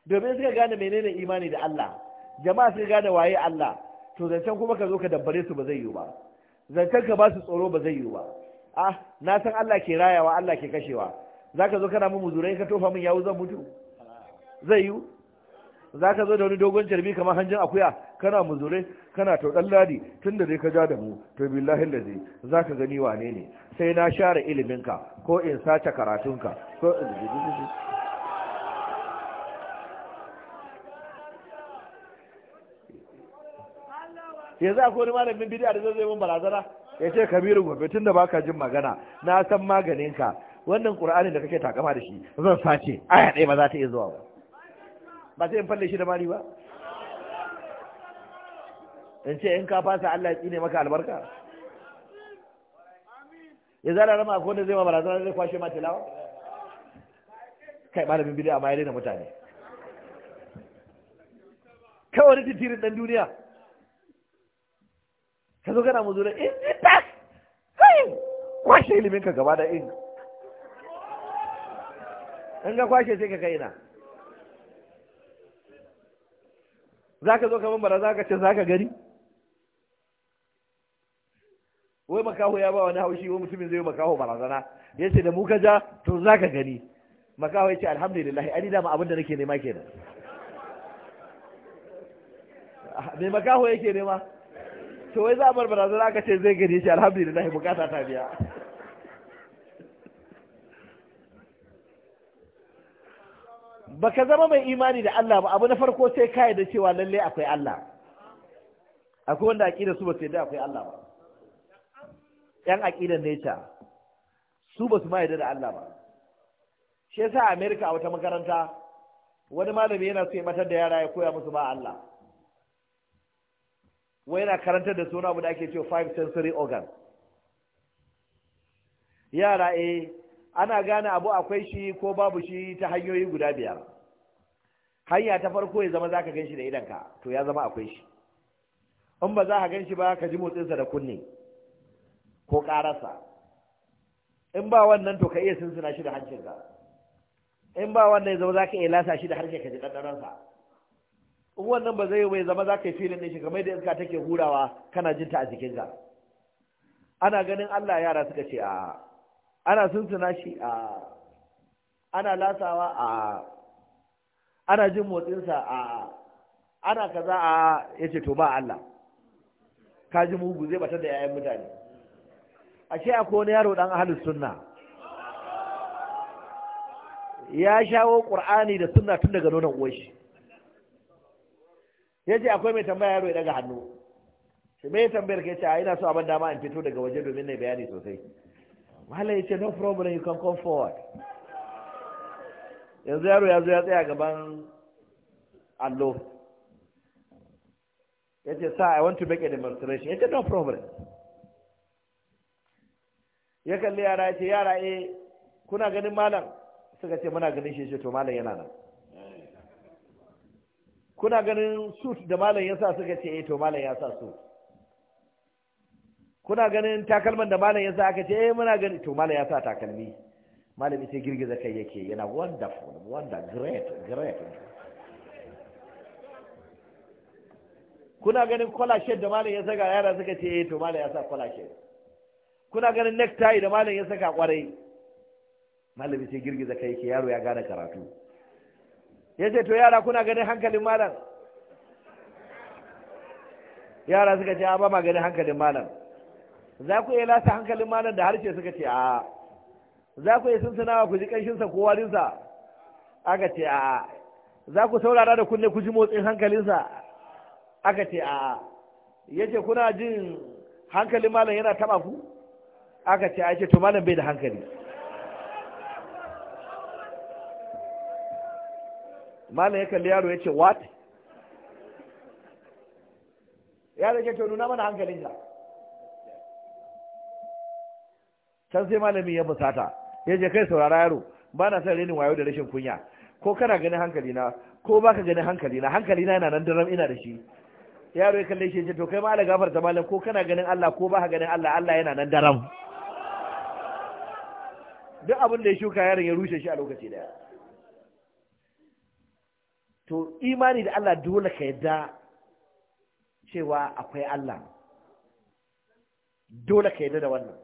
domin suka gane menene imani da Allah jama'a suka gane waye Allah to zancen kuma ka zo ka dabbare su ba zai yiwu ba zancen ka ba su tsoro ba zai yiwu ba ah na san Allah ke rayawa Allah ke kashewa za ka zo kana mu muzurai ka tofa min yawu zan mutu zai yiwu za ka zo da wani dogon carbi kamar hanjin akuya kana muzurai kana to dan ladi tun da zai ka ja da mu to billahi ladi. za ka gani wane ne sai na share iliminka ko in sace karatunka ko yanzu akwai wani malamin bidiya da zai zai mun barazana ya ce kabiru gobe tun da baka jin magana na san maganinka wannan qur'anin da kake takama da shi zan sace aya ɗaya ba za ta iya zuwa ba ba sai in falle shi da mari ba in ce in ka fasa Allah ya tsine maka albarka ya zara rama akwai wanda zai ma barazana zai kwashe ma tilawa kai malamin bidiyo a ya daina mutane kawai titirin dan duniya ka zo kana mu in ji tak kai kwashe ilimin ka gaba da in eh. in ga kwashe sai ka kai na? za ka zo kamar bara za ka ce za ka gari wai makaho ya ba wani haushi wani mutumin zai yi makaho barazana ya ce da mu ka ja to za ka gani makaho ya ce alhamdulillah ani dama abin da nake nema kenan mai makaho yake nema to wai za a bar barazana aka ce zai gani ya ce alhamdulillah bukata ta biya baka zama mai imani da Allah ba abu na farko sai ka da cewa lalle akwai Allah akwai wanda aqida su ba sai yadda akwai Allah ba yan aqidan neta su ba su ma yadda da Allah ba shi yasa a America a wata makaranta wani malami yana so ya matar da yara ya koya musu ba Allah wai yana karantar da suna abu da ake cewa five sensory organs yara eh ana gane abu akwai shi ko babu shi ta hanyoyi guda biyar hanya ta farko ya zama zaka gan shi da idanka to ya zama akwai shi in ba za ka gan shi ba ka ji motsinsa da kunne ko ƙararsa in ba wannan to ka iya sinsina shi da hancinka in ba wannan ya zama za ka iya lasa shi da harshe ka ji ɗanɗanonsa in wannan ba zai yi ya zama za ka yi filin ɗin shi kamar da iska take hurawa kana jin ta a jikinka ana ganin Allah yara suka ce a ana sunsuna shi a ana lasawa a ana jin motsinsa a ana kaza a ya ce to ba Allah ka ji mugu zai batar da yayan mutane ashe akwai wani yaro dan ahalus sunna ya shawo qur'ani da sunna tun daga nonon uwar shi Ya ce akwai mai tambaya yaro ya daga hannu shi mai tambayar ke ce a ina so abin dama in fito daga waje domin na bayani sosai wahala ya ce no problem you can come forward yanzu yaro ya zo ya tsaya gaban allo ya ce sa i want to make a demonstration ya ce no problem ya kalli yara ya ce yara e kuna ganin malam suka ce muna ganin shi ce to malam yana nan kuna ganin suit da malam ya sa suka ce e to malam ya sa suit kuna ganin takalman da malam ya sa aka ce eh muna gani to malam ya sa takalmi malami sai girgiza kai yake yana wonderful wonder great great kuna ganin kwalashe da malam ya saka yara suka ce eh to malam ya sa kwalashe kuna ganin necktie da malam ya saka kwarai malami sai girgiza kai yake yaro ya gane karatu ya ce to yara kuna ganin hankalin malam yara suka ce a ba ma ganin hankalin malam za ku iya lasa hankalin malam da harshe suka ce a za ku iya sunsunawa ku ji ƙanshinsa ko warinsa aka ce a za ku saurara da kunne ku ji motsin hankalinsa aka ce a ya ce kuna jin hankalin malam yana taɓa ku aka ce a ce to malam bai da hankali malam ya kalli yaro ya ce what yaro ya ce to nuna mana hankalinsa can sai malami ya busata ya je kai saurara yaro ba na son renin wayo da rashin kunya ko kana ganin hankali na ko baka ganin hankali na hankali na yana nan daram ina da shi yaro ya kalle shi ya ce to kai ma ala gafarta malam ko kana ganin Allah ko baka ganin Allah Allah yana nan daram duk abin da ya shuka yaron ya rushe shi a lokaci daya to imani da Allah dole ka yadda cewa akwai Allah dole ka yadda da wannan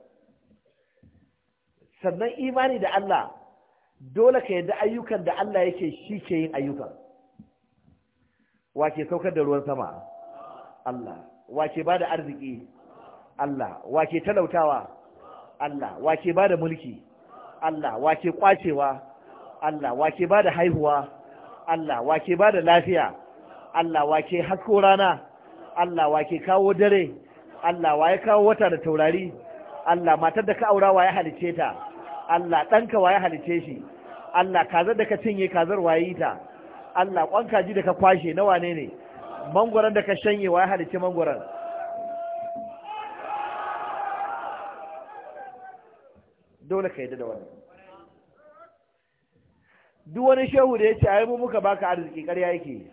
sannan imani da Allah dole ka yadda ayyukan da Allah yake shi ke yin ayyukan wake saukar da ruwan sama Allah wake ba da arziki Allah wake talautawa Allah wake ba da mulki Allah wake kwacewa Allah wake ba da haihuwa Allah wake ba da lafiya Allah wake hasko rana Allah wake kawo dare Allah waye kawo wata da taurari Allah matar da ka aura waye halice ta Allah ɗanka waye halice shi Allah kazar da ka cinye kazar waye ta Allah kwan kaji da ka kwashe na wane ne mangwaron da ka shanye waye halice mangwaron dole ka yi da wani duk wani shehu da ya ce ai mu muka baka arziki ƙarya yake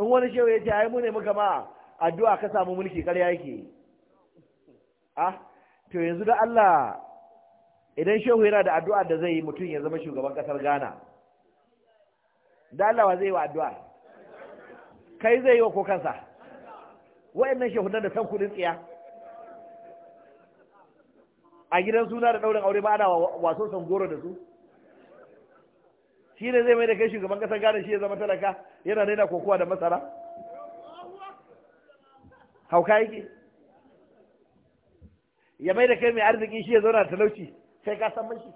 in wani shehu ya ce ai mu ne muka ma addu'a ka samu mulki ƙarya yake ah to yanzu da Allah idan shehu yana da addu'a da zai yi mutum ya zama shugaban kasar Ghana dalawa zai zai wa addu'a kai zai yi wa ko kansa wayannan shehunan da san kudin tsiya a gidan suna da daurin aure ba ana waso san goro da su shi ne zai mai da kai shugaban kasar Ghana shi ya zama talaka yana daina kokowa da masara hauka yake ya mai da kai mai arziki shi ya zauna talauci kai ka san mashi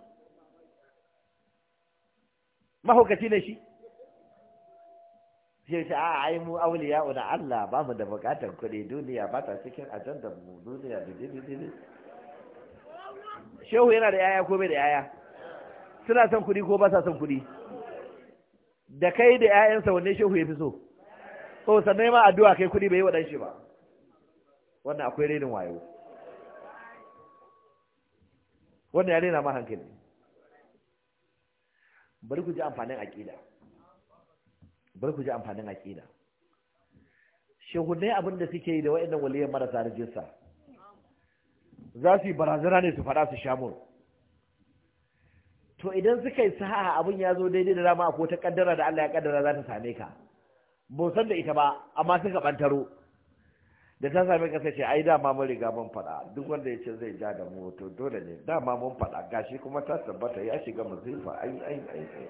mahaukaci ne shi sai ce a ai mu auliya na Allah ba mu da bukatar kuɗi duniya ba ta cikin ajandar mu duniya da dindindin shehu yana da yaya ko bai da yaya suna son kuɗi ko ba sa son kuɗi da kai da yayansa wanne shehu ya fi so so sannan ma addu'a kai kuɗi bai yi wa shi ba wannan akwai renin wayo wannan ya rena ma hankali bari ku ji amfanin aƙida bari ku ji amfanin aƙida shehunai abin da suke yi da wa'annan waliyan marasa rajista za su yi barazana ne su faɗa su shamur to idan suka yi sa'a abin ya zo daidai da dama ko ta kaddara da Allah ya kaddara za ta same ka ba san da ita ba amma suka ɓantaro. da ta same ka sai ce ai dama mun riga mun faɗa duk wanda ya ce zai ja da mu to dole ne dama mun faɗa gashi kuma ta tabbata ya shiga muzifa ai ai ai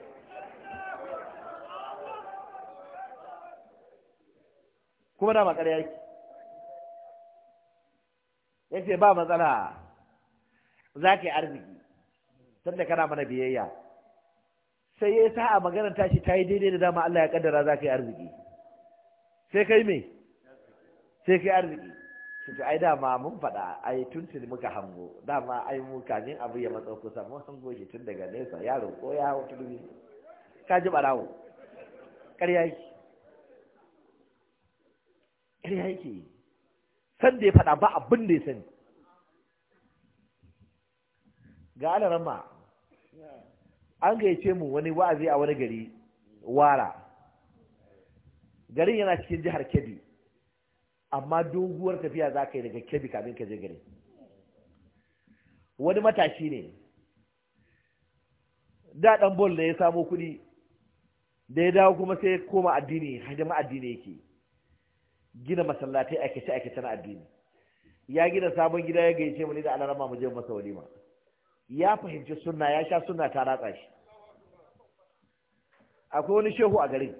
kuma dama ƙarya yake ya ce ba matsala za ka yi arziki tunda kana mana biyayya sai ya sa a maganar tashi ta yi daidai da dama Allah ya kaddara za ka yi arziki sai kai me sai kai arziki su to ai dama mun faɗa ai tuntun muka hango dama ai mu kamin abu ya matsa kusa mun hango shi tun daga nesa yaro ko ya wata dubi? ka ji ɓarawo ƙarya yake ƙarya yake san da ya faɗa ba abin da ya sani ga ma an gayyace mu wani wa'azi a wani gari wara garin yana cikin jihar kebbi amma doguwar tafiya za ka yi daga kebi kamin ka je gari wani matashi ne da ɗan bol ne ya samo kuɗi da ya dawo kuma sai koma addini hajjama addini yake gina masallatai aikace aikace na addini ya gina sabon gida ya gaice mu ne da alarama mu je masa walima ya fahimci sunna ya sha sunna ta ratsa shi akwai wani shehu a garin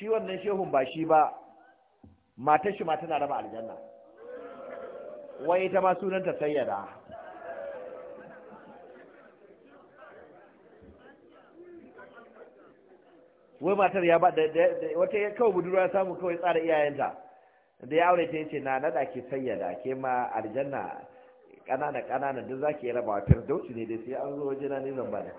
shi wannan shehun ba shi ba matar shi ma tana raba aljanna wai ita ma sunanta sayyada wai matar ya ba da wata ya kawai budurwa ya samu kawai tsara iyayenta da ya aure ta yace na nada ke sayyada ke ma aljanna ƙanana ƙanana, duk zaki raba firdausi ne dai sai an zo wajena ne zan bada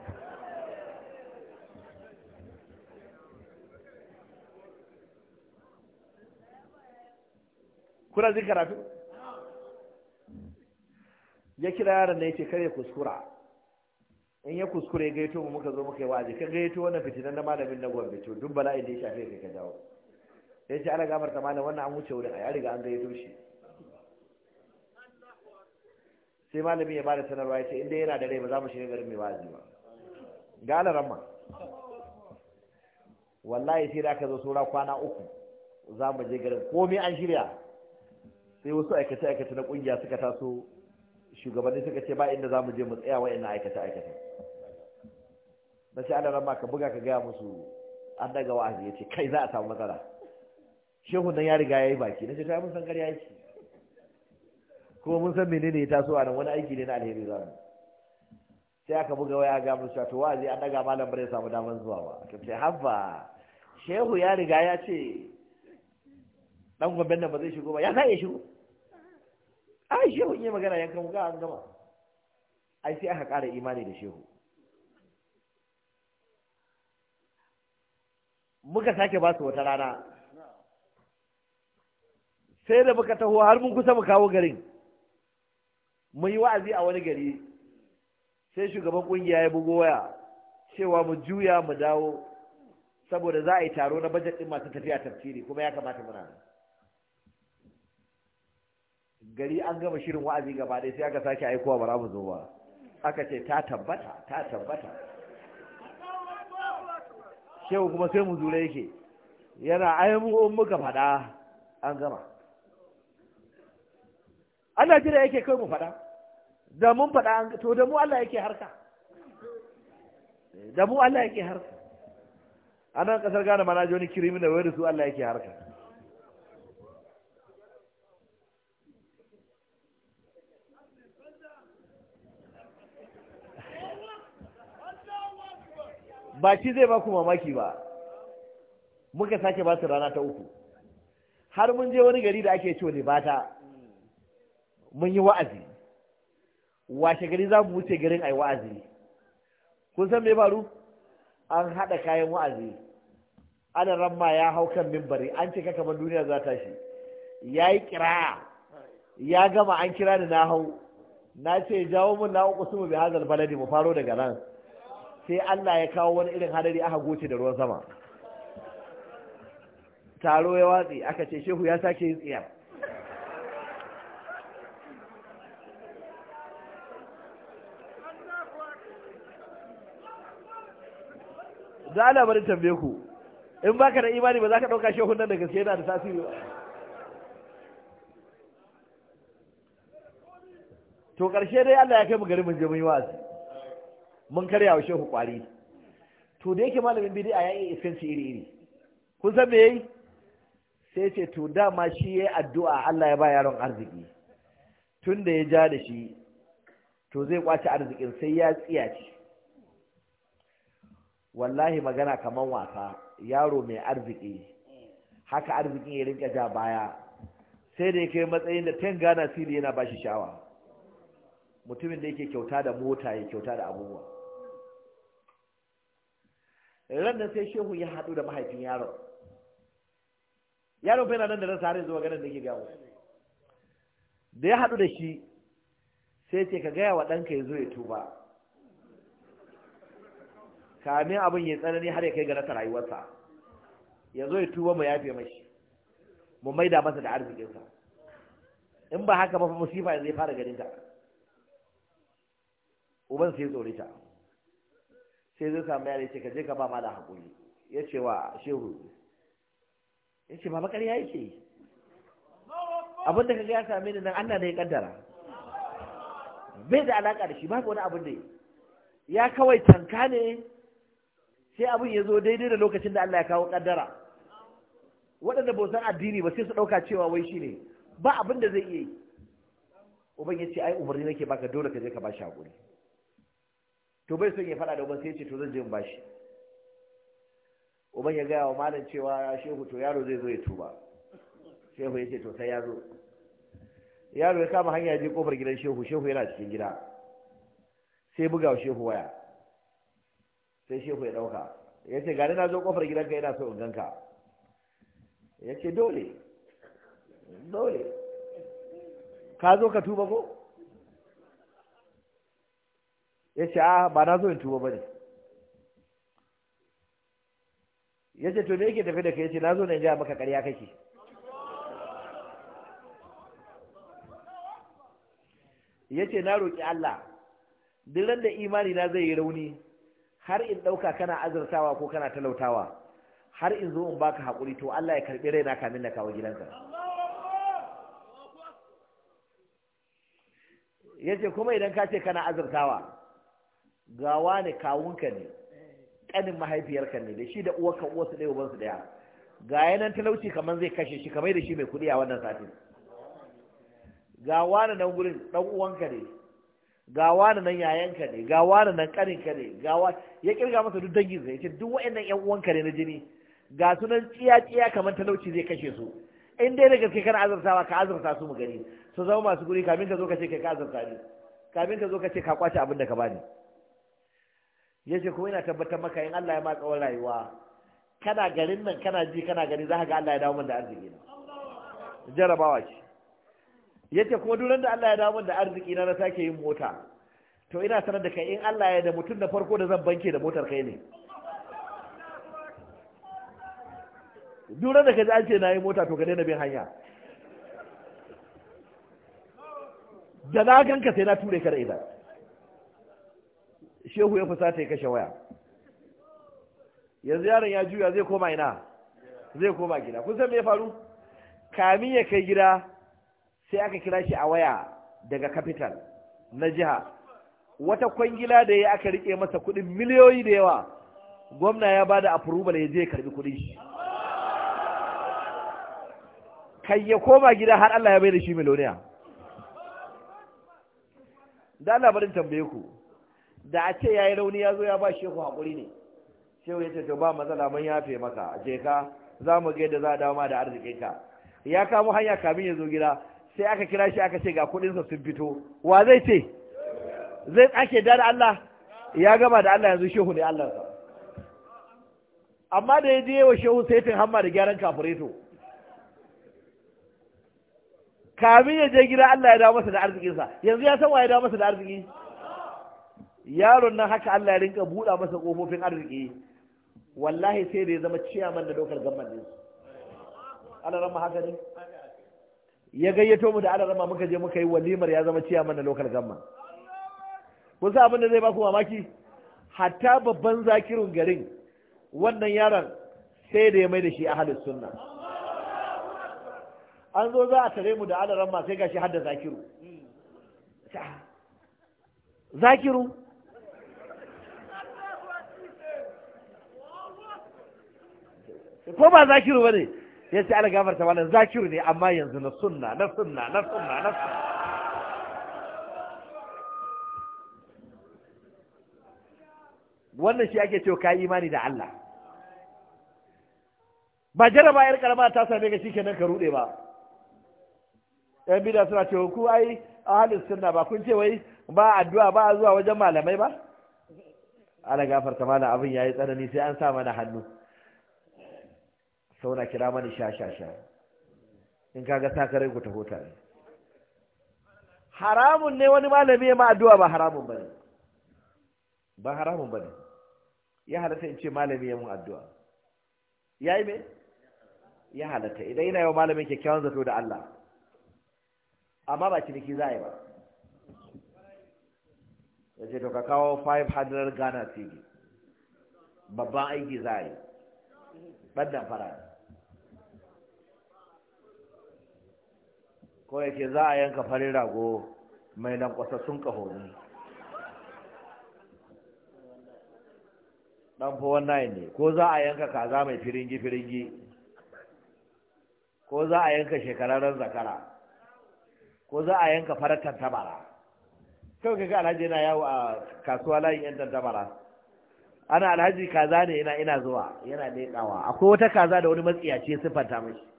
kuna jin karatu ya kira yaron ya yace kare kuskura in ya kuskure ya gaito mu muka zo muka yi waje kan gaito wannan fitinan na malamin na gombe to duk bala'in da ya shafe kai ka dawo ya ce ana gafarta malam wannan an wuce wurin a ya riga an gaito shi sai malamin ya bada sanarwa ya ce inda yana da rai ba za mu shiga garin mai waje ba ga alaramma wallahi sai da aka zo saura kwana uku za mu je garin komai an shirya sai wasu aikace-aikace na kungiya suka taso shugabanni suka ce ba inda za mu je mu tsaya ina aikace-aikace na shi alaran ma ka buga ka gaya musu an daga wa'azi ya ce kai za a samu matsala Shehu nan ya riga ya yi baki na ce ta mun san karya shi? kuma mun san menene ya taso a nan wani aiki ne na alheri za mu sai aka buga waya ga musu cewa wa wa'azi an daga malam bare samu daman zuwa ba ka ce habba shehu ya riga ya ce dan gobe nan ba zai shigo ba ya sa ya shigo Aisha shehu in yi magana mu ga an gama ai sai aka ƙara imani da shehu muka sake ba su wata rana sai da muka taho har mun kusa mu kawo garin Mu yi wa'azi a wani gari sai shugaban kungiya ya bugo waya cewa mu juya mu dawo saboda za a yi taro na bajet din masu tafiya tafsiri kuma ya kamata muna nan gari an gama shirin wa'azi gaba ɗaya sai aka sake aikowa ba mu zo ba aka ce ta tabbata ta tabbata shehu kuma sai mu zure yake yana ayyamu in muka faɗa an gama Allah jira yake kai mu faɗa da mun faɗa to da mu Allah yake harka da mu Allah yake harka anan kasar ƙasar gane mana joni kirimin da wayar su Allah yake harka ba zai ba ku mamaki ba muka sake ba su rana ta uku har mun je wani gari da ake ciwo ne bata mun yi wa'azi washe gari za mu wuce garin ai wa'azi kun san me faru an haɗa kayan wa'azi ana ramma ya hau kan mimbari an ce kamar duniya za ta shi ya yi kira ya gama an kira ni na hau na ce jawo mun na uku su mu bi hazal baladi mu faro daga nan sai Allah ya kawo wani irin hadari aka goce da ruwan sama taro ya watsi aka ce shehu ya sake yin tsiya za a labarin tambaye ku in baka da imani ba za ka ɗauka shehun nan da gaske yana da tasiri ba to ƙarshe dai Allah ya kai mu gari mu je mu yi wa'azi mun karya wa shehu kwari to da yake malamin bid'a ya isan su iri iri kun san me yayi sai ce to dama shi yayi addu'a Allah ya ba yaron arziki Tun da ya ja da shi to zai kwace arzikin sai ya tsiya ci wallahi magana kaman wasa yaro mai arziki haka arzikin ya rinka ja baya sai da ya kai matsayin da ten gana siri yana ba shi shawa mutumin da yake kyauta da mota ya kyauta da abubuwa ranar sai shehu ya haɗu da mahaifin yaron yaron fa yana nan da rasa sare zuwa ganin da yake gawo da ya haɗu da shi sai ce ka gaya wa ɗanka ya zo ya tuba kamin abin ya tsanani har ya kai ga rasa rayuwarsa ya zo ya tuba mu yafe mashi mu maida masa da arzikinsa in ba haka ba fa musifa yanzu ya fara ganin ta uban sai tsore ta sai zai samu yare ce ka je ka ba da hakuri ya ce wa shehu ya ce baba ƙarya yake yi abin da kaga ya same ni nan Allah da ya kaddara bai da alaka da shi ba wani abin da ya kawai tanka ne sai abin ya zo daidai da lokacin da Allah ya kawo kaddara waɗanda ba san addini ba sai su ɗauka cewa wai shi ne ba abin da zai iya yi uban ya ce ai umarni nake baka dole ka je ka ba shi hakuri to bai son ya faɗa da wani sai ce to zan je in bashi uban ya gaya wa malam cewa shehu to yaro zai zo ya tuba shehu ya ce to sai ya zo yaro ya kama hanya je kofar gidan shehu shehu yana cikin gida sai buga wa shehu waya sai shehu ya ɗauka ya ce gani na zo kofar gidanka yana so in ganka ya ce dole dole ka zo ka tuba ko ya ce a ah, ba na zo in tuba ba ne ya ce to da yake tafi da kai ya ce na zo na jiya, maka karya kake ya ce na roƙi Allah duk da imani na zai yi rauni har in ɗauka kana azurtawa ko kana talautawa har in zo in baka haƙuri to Allah ya karɓi raina kamin na kawo gidanka ya ce kuma idan ka ce kana azurtawa gawa ne kawunka ne ƙanin mahaifiyarka ne da shi da uwarka uwarsu ɗaya su ɗaya ga yanan talauci kamar zai kashe shi kamar da shi mai kuɗi a wannan satin ga wani nan gurin ɗan uwanka ne ga wani nan yayanka ne ga wani nan ƙaninka ne ga wani ya kirga masa duk dangin sa yace duk waɗannan ƴan uwanka ne na jini ga sunan tsiya tsiya kamar talauci zai kashe su in dai da gaske kana azurtawa ka azurta su mu gani su zama masu guri kamin ka zo ka ce kai ka azurta ni? kamin ka zo ka ce ka kwace abin da ka bani ya ce kuma yana tabbatar maka yin Allah ya ma rayuwa kana garin nan kana ji kana gani za ka ga Allah ya dawo min da arziki na jarabawa ce ya ce kuma duran da Allah ya dawo min da arziki na na sake yin mota to ina sanar da kai in Allah ya da mutum na farko da zan banke da motar kai ne duran da ka ji an ce na yi mota to ka daina bin hanya da na ganka sai na ture ka da idan shehu ya fusata ya kashe waya yanzu yaron ya juya zai koma ina zai koma gida kun san me faru kamin ya kai gida sai aka kira shi a waya daga capital na jiha wata kwangila da ya aka rike masa kudin miliyoyi da yawa gwamna ya bada approval ya je karbi kudin shi kai ya koma gida har Allah ya bai da shi miliyoniya da Allah barin tambaye ku da a ce ya yi rauni ya zo ya ba shehu haƙuri ne shehu ya ce to ba matsala mun yafe maka je ka za mu ga yadda za a dama da arzikinka ya kamo hanya kamin ya zo gida sai aka kira shi aka ce ga kuɗinsa sun fito wa zai ce zai ake da da Allah ya gama da Allah yanzu shehu ne Allah sa amma da ya je wa shehu saitin hamma da gyaran kafureto kamin ya je gida Allah ya dawo masa da arzikinsa yanzu ya san wa ya dawo masa da arziki yaron nan haka Allah ya rinka buɗa masa ƙofofin arziki wallahi sai da ya zama ciyaman da dokar gamman ɗin alarama haka ne ya gayyato mu da alarama muka je muka yi walimar ya zama ciyaman da dokar gamman kun san abin da zai ba ku mamaki hatta babban zakirun garin wannan yaron sai da ya mai da shi ahalus sunna an zo za a tare mu da alarama sai gashi hadda zakiru zakiru ko ba zakiru bane ya ce algamar ta malam zakiru ne amma yanzu na sunna na sunna na sunna na sunna wannan shi ake cewa kayi imani da Allah ba jaraba yar karama ta same ka shikenan ka rude ba yan bida suna cewa ku ai ahlus sunna ba kun ce wai ba addu'a ba zuwa wajen malamai ba ala gafarta mana abin yayi tsanani sai an sa mana hannu sauna kira mani sha-sha-sha in kaga sa ku ta hota ne haramun ne wani malami ya ma addu'a ba haramun bane ba haramun bane ya halatta in ce malami ya mun addu'a yayi me ya halatta idan yana yawa malamin kyakkyawan zato da Allah amma ba ciniki za a yi ba ya ce to ka kawo 500 Ghana cedi babban aiki za a yi ɗan damfara ko yake za a yanka farin rago mai lankwasassun ƙahoni ɗan fowon nayin ne ko za a yanka kaza mai firingi-firingi ko za a yanka shekararren zakara ko za a yanka farar tantabara kawai kaga alhaji yana yawo a kasuwa layin yan tantabara ana alhaji kaza ne yana ina zuwa yana leƙawa akwai wata kaza da wani matsiyaci siffanta mashi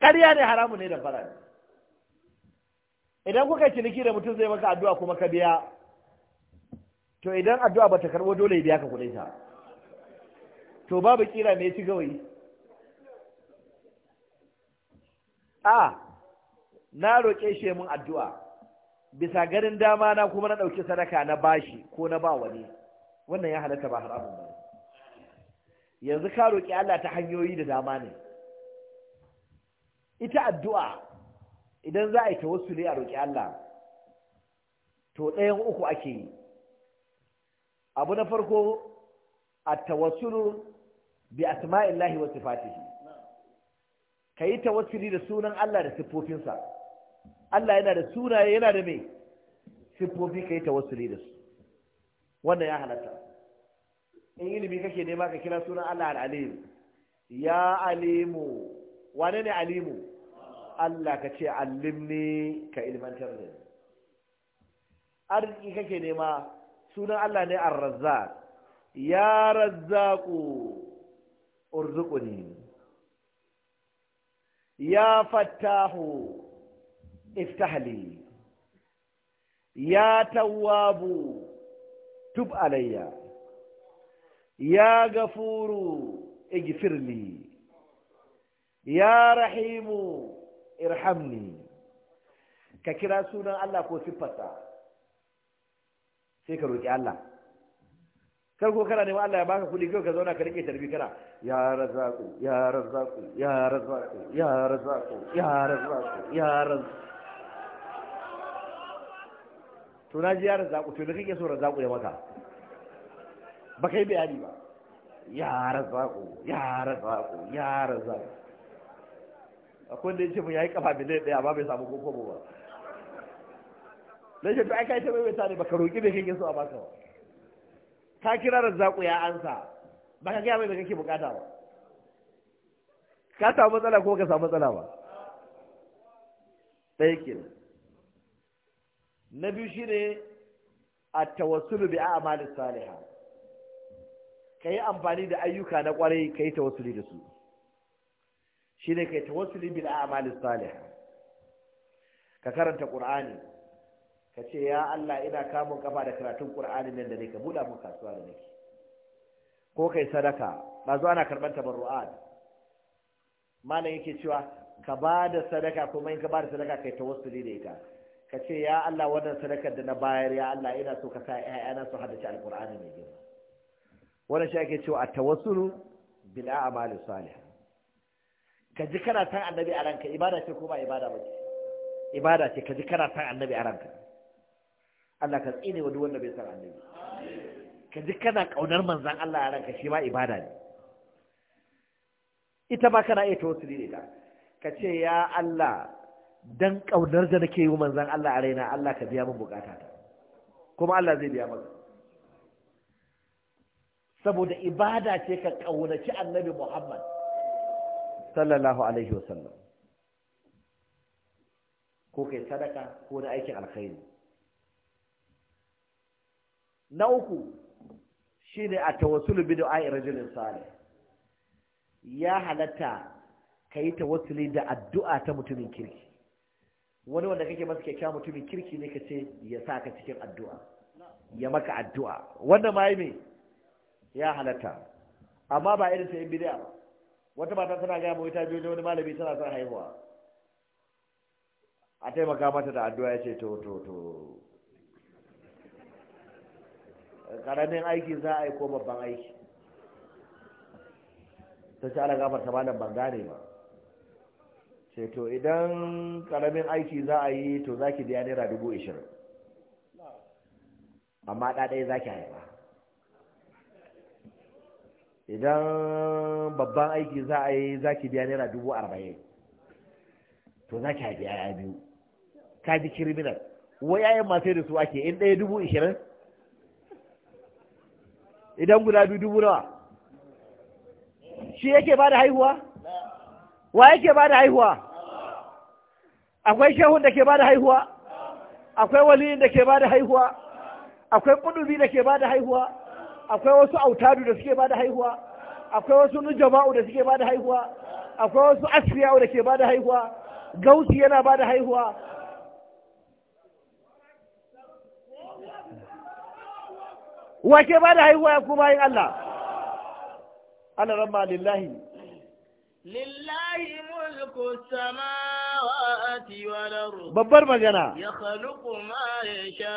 ƙarya ne haramu ne da fara idan kuka ciniki da mutum zai maka addu'a kuma ka biya to idan addu'a bata ta karɓo dole ya biya ka kuɗin ta to babu kira me ci gawayi a na roƙe shi mun addu'a bisa garin dama na kuma na ɗauki sadaka na bashi ko na ba wani wannan ya halatta ba haramun ba yanzu ka roƙi Allah ta hanyoyi da dama ne ita addu'a idan za a yi tawassuli a roƙi Allah to ɗayan uku ake yi abu na farko at-tawassulu bi asma'illahi wa sifatihi yi tawassuli da sunan Allah da siffofinsa Allah yana da sunaye yana da me siffofi yi tawassuli da su wannan ya halatta in ilimi kake nema ka kira sunan Allah al-alim ya alimu wane ne alimu Allah ka ce ne ka ilmantar da ni arziki kake nema sunan Allah ne ar-razzaq ya razzaqu urzuquni ya fattahu iftahli ya tawwabu tub alayya ya gafuru igfirli ya rahimu irhamni ka kira sunan Allah ko siffarsa sai ka roƙi Allah kar ko kana neman Allah ya baka kuɗi kai ka zauna ka rike tarbi kana ya razzaqu ya razzaqu ya razzaqu ya razzaqu ya razzaqu ya razzaqu to na ji ya razzaqu to da kake so razzaqu ya maka ba kai bayani ba ya razzaqu ya razzaqu ya razzaqu akwai wanda ya ce mun yi kafa miliyan ɗaya amma bai samu ko kobo ba na shafi aka yi ta maimaita ne baka roƙi da kinkin so a baka ba ka kira zaƙo ya ansa ba ka gaya mai da kake bukata ba ka samu matsala ko ka samu matsala ba ɗaya kenan na biyu shine a tawassulu bi a'malis salihah ka yi amfani da ayyuka na kwarai ka yi tawassuli da su shine kai tawassuli bil a'mali salih ka karanta qur'ani ka ce ya Allah ina kamun kafa da karatun qur'ani nan da ne ka buɗa mun kasuwa da nake ko kai sadaka ba zuwa ana karɓar tabarru'at malam yake cewa ka ba da sadaka kuma in ka ba da sadaka kai tawassuli da ita ka ce ya Allah wannan sadakar da na bayar ya Allah ina so ka sa ƴaƴana su haddace alqur'ani mai girma wannan shi ake cewa at-tawassulu bil a'mali salih ka ji kana san annabi a ranka ibada ce ko ba ibada ba ce ibada ce ka ji kana san annabi a ranka Allah ka tsine wa duk wanda bai san annabi ka ji kana kaunar manzan Allah a ranka shi ma ibada ne ita ma kana iya tawassuli da ita ka ce ya Allah dan kaunar da nake yi wa manzan Allah a raina Allah ka biya min bukata ta kuma Allah zai biya maka saboda ibada ce ka kaunaci annabi Muhammad sallallahu alaihi wasallam ko kai sadaka ko na aikin alkhairi na uku shine a tawassul bi du'a rajulin salih ya halatta kai tawassuli da addu'a ta mutumin kirki wani wanda kake masa kyakkyawa mutumin kirki ne ka ce ya sa ka cikin addu'a ya maka addu'a wannan ma yi ya halatta amma ba irin ta yin bidiya ba wata mata tana gaya mai ta biyo wani malami tana son haihuwa a taimaka mata da addu'a ya ce to to to karamin aiki za a yi ko babban aiki ta ce ana ta malam ban gane ba ce to idan karamin aiki za a yi to za ki biya naira dubu ishirin amma ɗaɗaya za ki haifa idan babban aiki za a yi za ki biya naira dubu arba'in to za ki haifi yaya biyu ka ji kiriminal wai yayan masu da su ake in ɗaya dubu ishirin idan guda biyu dubu nawa shi yake ba da haihuwa wa yake ba da haihuwa akwai shehun da ke ba da haihuwa akwai waliyin da ke ba da haihuwa akwai kudubi da ke ba da haihuwa akwai wasu autadu da suke bada haihuwa akwai wasu nujama'u da suke bada haihuwa akwai wasu asriya'u da ke bada haihuwa gausi yana bada haihuwa wa ke bada haihuwa ya kuma yin Allah Allah ramma lillahi lillahi mulku samawati wal ard babbar magana ya khaluqu ma yasha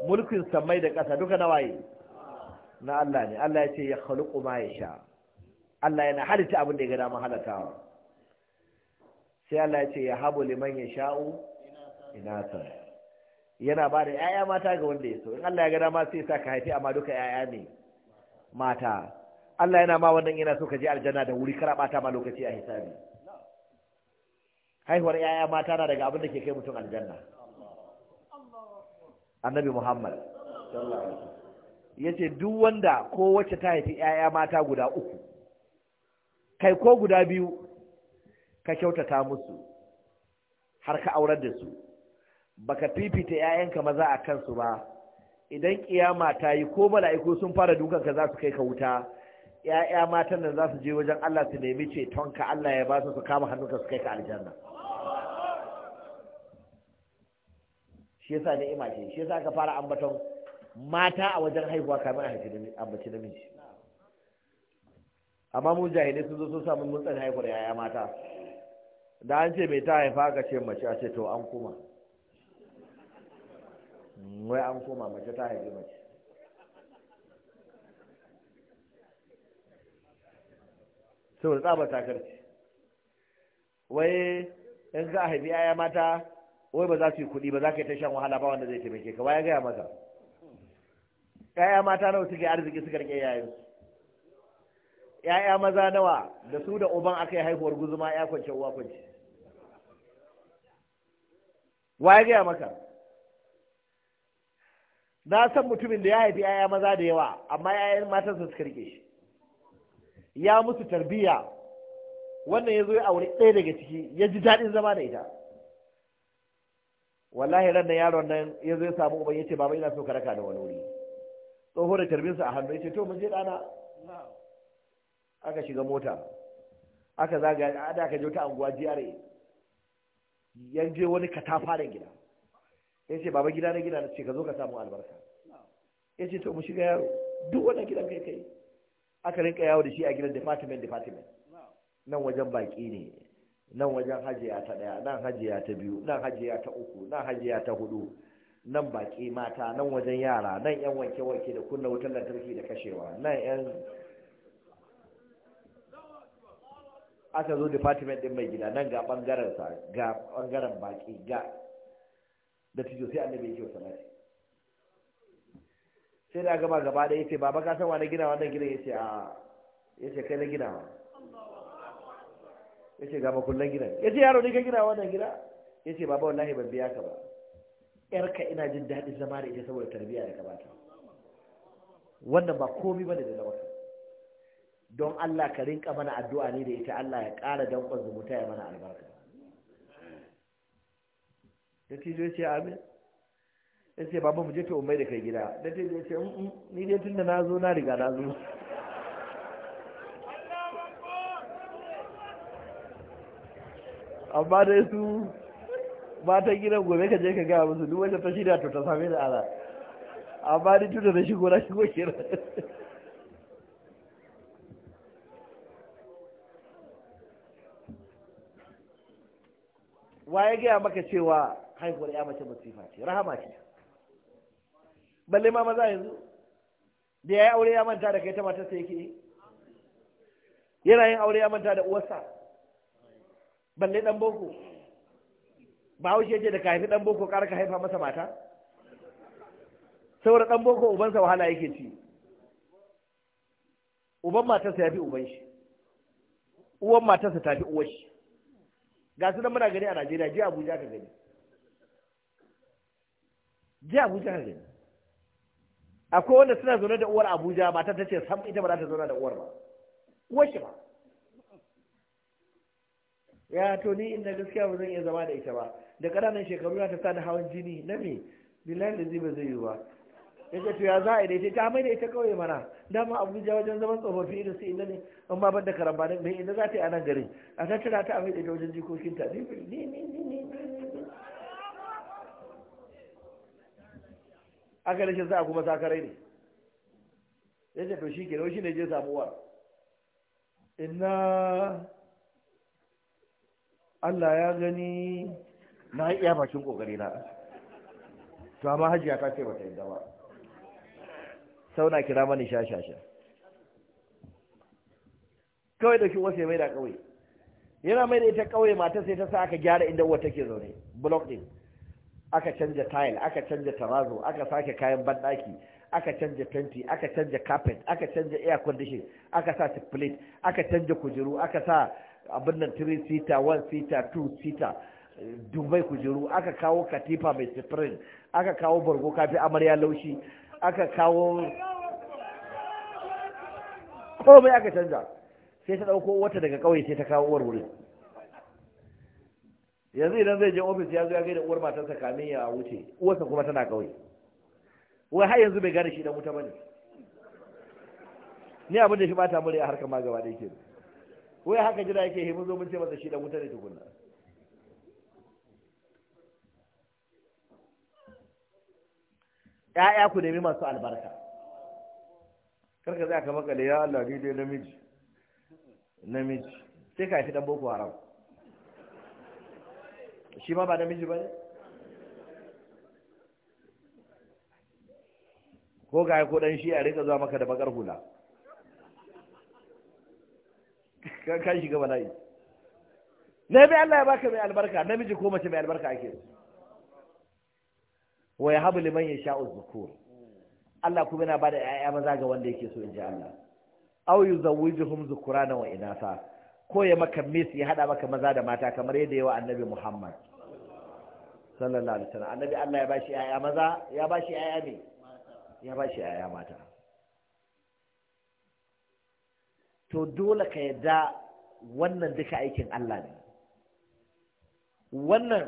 mulkin samai da ƙasa duka na waye na Allah ne Allah ya ce ya khaluqu ma yasha Allah yana halitta abin da ya ga dama halatawa sai Allah ya ce ya habu liman yasha'u inasa yana ba da ƴaƴa mata ga wanda ya so in Allah ya ga dama sai ya saka haifi amma duka ƴaƴa ne mata Allah yana ma wannan yana so ka je aljanna da wuri kara bata ma lokaci a hisabi haihuwar ƴaƴa mata na daga abin da ke kai mutum aljanna annabi muhammad yace duk wanda ko wacce ta haifi 'ya'ya mata guda uku kai ko guda biyu ka kyautata musu har ka aurar da su baka fifita 'ya'yanka maza a kansu ba idan kiyama ta yi ko mala'iku sun fara dukanka za su kai ka wuta ‘ya'ya matan nan za su je wajen Allah su nemi tonka Allah ya ba su su kama hannunka su kai ka aljanna shi yasa ima ce shi yasa aka fara ambaton mata a wajen haihuwa kamar a haifi ambaci namiji amma mu jahilai sun zo sun samu mutsan haifar haihuwar yaya mata da an ce mai ta haifa ka ce mace a ce to an kuma wai an kuma mace ta haifi mace da tsabar takarci wai in ka haifi yaya mata wai ba za su yi kuɗi ba za ka yi ta shan wahala ba wanda zai taimake ka ya gaya maka ƴaƴa mata nawa suke arziki suka rike yayin ƴaƴa maza nawa da su da uban aka yi haihuwar guzuma ya kwance uwa kwance ya gaya maka na san mutumin da ya haifi ƴaƴa maza da yawa amma ƴaƴan matansa suka rike shi ya musu tarbiyya wannan ya zo ya aure ɗaya daga ciki ya ji daɗin zama da ita wallahi ran nan yaron nan ya zai ya samu uban yace baba ina so ka raka da wani wuri tsoho da sa a hannu yace to mun je dana aka shiga mota aka zaga da aka je ta anguwa GRA yan je wani da gida yace baba gida na gida na ce ka zo ka samu albarka yace to mu shiga yaro duk wani gidan kai kai aka rinka yawo da shi a gidan department department nan wajen baki ne nan wajen hajiya ta ɗaya nan hajiya ta biyu nan hajiya ta uku nan hajiya ta hudu nan baƙi mata nan wajen yara nan yan wanke-wanke da kunna wutar lantarki da kashewa nan yan aka zo department din mai gida nan ga bangaren sa ga bangaren baki ga da tijo sai annabi yake salati sai da gaba gaba da yace baba ka san wani gina wannan gidan yace a yace kai na gina wa ya ce ga makullan gidan ya ce yaro ne ka gina wannan gida ya ce baba wallahi ban biya ka ba yarka ina jin daɗi zama da ita saboda tarbiyya da kabata wannan ba komi bane da zama don Allah ka rinka mana addu'a ne da ita Allah ya ƙara danƙon zumunta ya mana albarka da tijo ce amin ya ce baba mu je ta umai da kai gida da tijo ce mm, mm, ni dai tun da na zo na riga na zo amma dai su matan gidan gobe ka je ka gaya musu duk wanda ta shirya to ta same da ala amma ni tunda na shigo na shigo kira waye gaya maka cewa haihuwar ya mace musifa fati rahama ce balle ma maza yanzu da ya yi aure ya manta da kai ta matarsa yake yana yin aure ya manta da uwarsa balle dan boko ba haushe ce da ka dan boko ƙara ka haifa masa mata saboda dan boko ubansa wahala yake ci uban matarsa ya fi uban shi uwan matarsa ta fi uwar shi ga su dan muna gani a najeriya jiya abuja ka gani ji abuja ka gani akwai wanda suna zaune da uwar abuja matar ta ce sam ita ba za ta zauna da uwar ba uwar shi ba ya to ni inda gaskiya ba zan iya zama da ita ba da ƙananan shekaru na ta sa da hawan jini na me billahi da zai ba zai yi ba ya ce to ya za a yi da ita ta mai da ita kawai mana dama abuja wajen zaman tsofaffi da su inda ne in ba da karamba ne mai inda za ta yi a nan gari. a tana ta a mai da ita wajen jikokinta ni ni ni ni aka rashin za a kuma sakarai ne ya ce to shi ke shi ne je samuwa inna Allah ya gani na iya bakin kokari na to amma hajiya ta ce bata yadda ba na kira mani shashasha kawai da shi wasu mai da kawai yana mai da ita kawai mata sai ta sa aka gyara inda uwa take zaune block din aka canja tile aka canja tarazo aka sake kayan banɗaki, aka canja tenti aka canja carpet aka canja air condition aka sa plate aka canja kujeru aka sa abin nan 3 seater 1 seater 2 seater dubai kujeru aka kawo katifa mai sifirin aka kawo bargo kafi amarya laushi aka kawo komai aka canza sai ta ɗauko wata daga kawai sai ta kawo uwar wurin yanzu idan zai je ofis ya zo ya gaida uwar matarsa kamin ya wuce uwarsa kuma tana kawai wai har yanzu bai gane shi dan wuta bane ni abin da shi bata mure a harkar ma gaba da yake wai haka jira yake himu zo mun ce masa shi dan wuta ne tukunna ‘ya'ya ku nemi masu albarka karka za ka makale ya Allah dai namiji namiji sai ka fi dan boko haram shi ma ba namiji ba ne ko ga ko dan shi a rika zuwa maka da bakar hula ka shiga bala'i na mai Allah ya baka mai albarka namiji ko mace mai albarka ake wa ya habu liman ya sha uzukur Allah kuma yana bada ƴaƴa maza ga wanda yake so in ji Allah aw yuzawwijuhum zukurana wa inasa ko ya maka mis ya hada maka maza da mata kamar yadda yawa annabi Muhammad sallallahu alaihi wasallam annabi Allah ya bashi ƴaƴa maza ya bashi ƴaƴa ne ya bashi ƴaƴa mata to dole ka yadda wannan duka aikin Allah ne wannan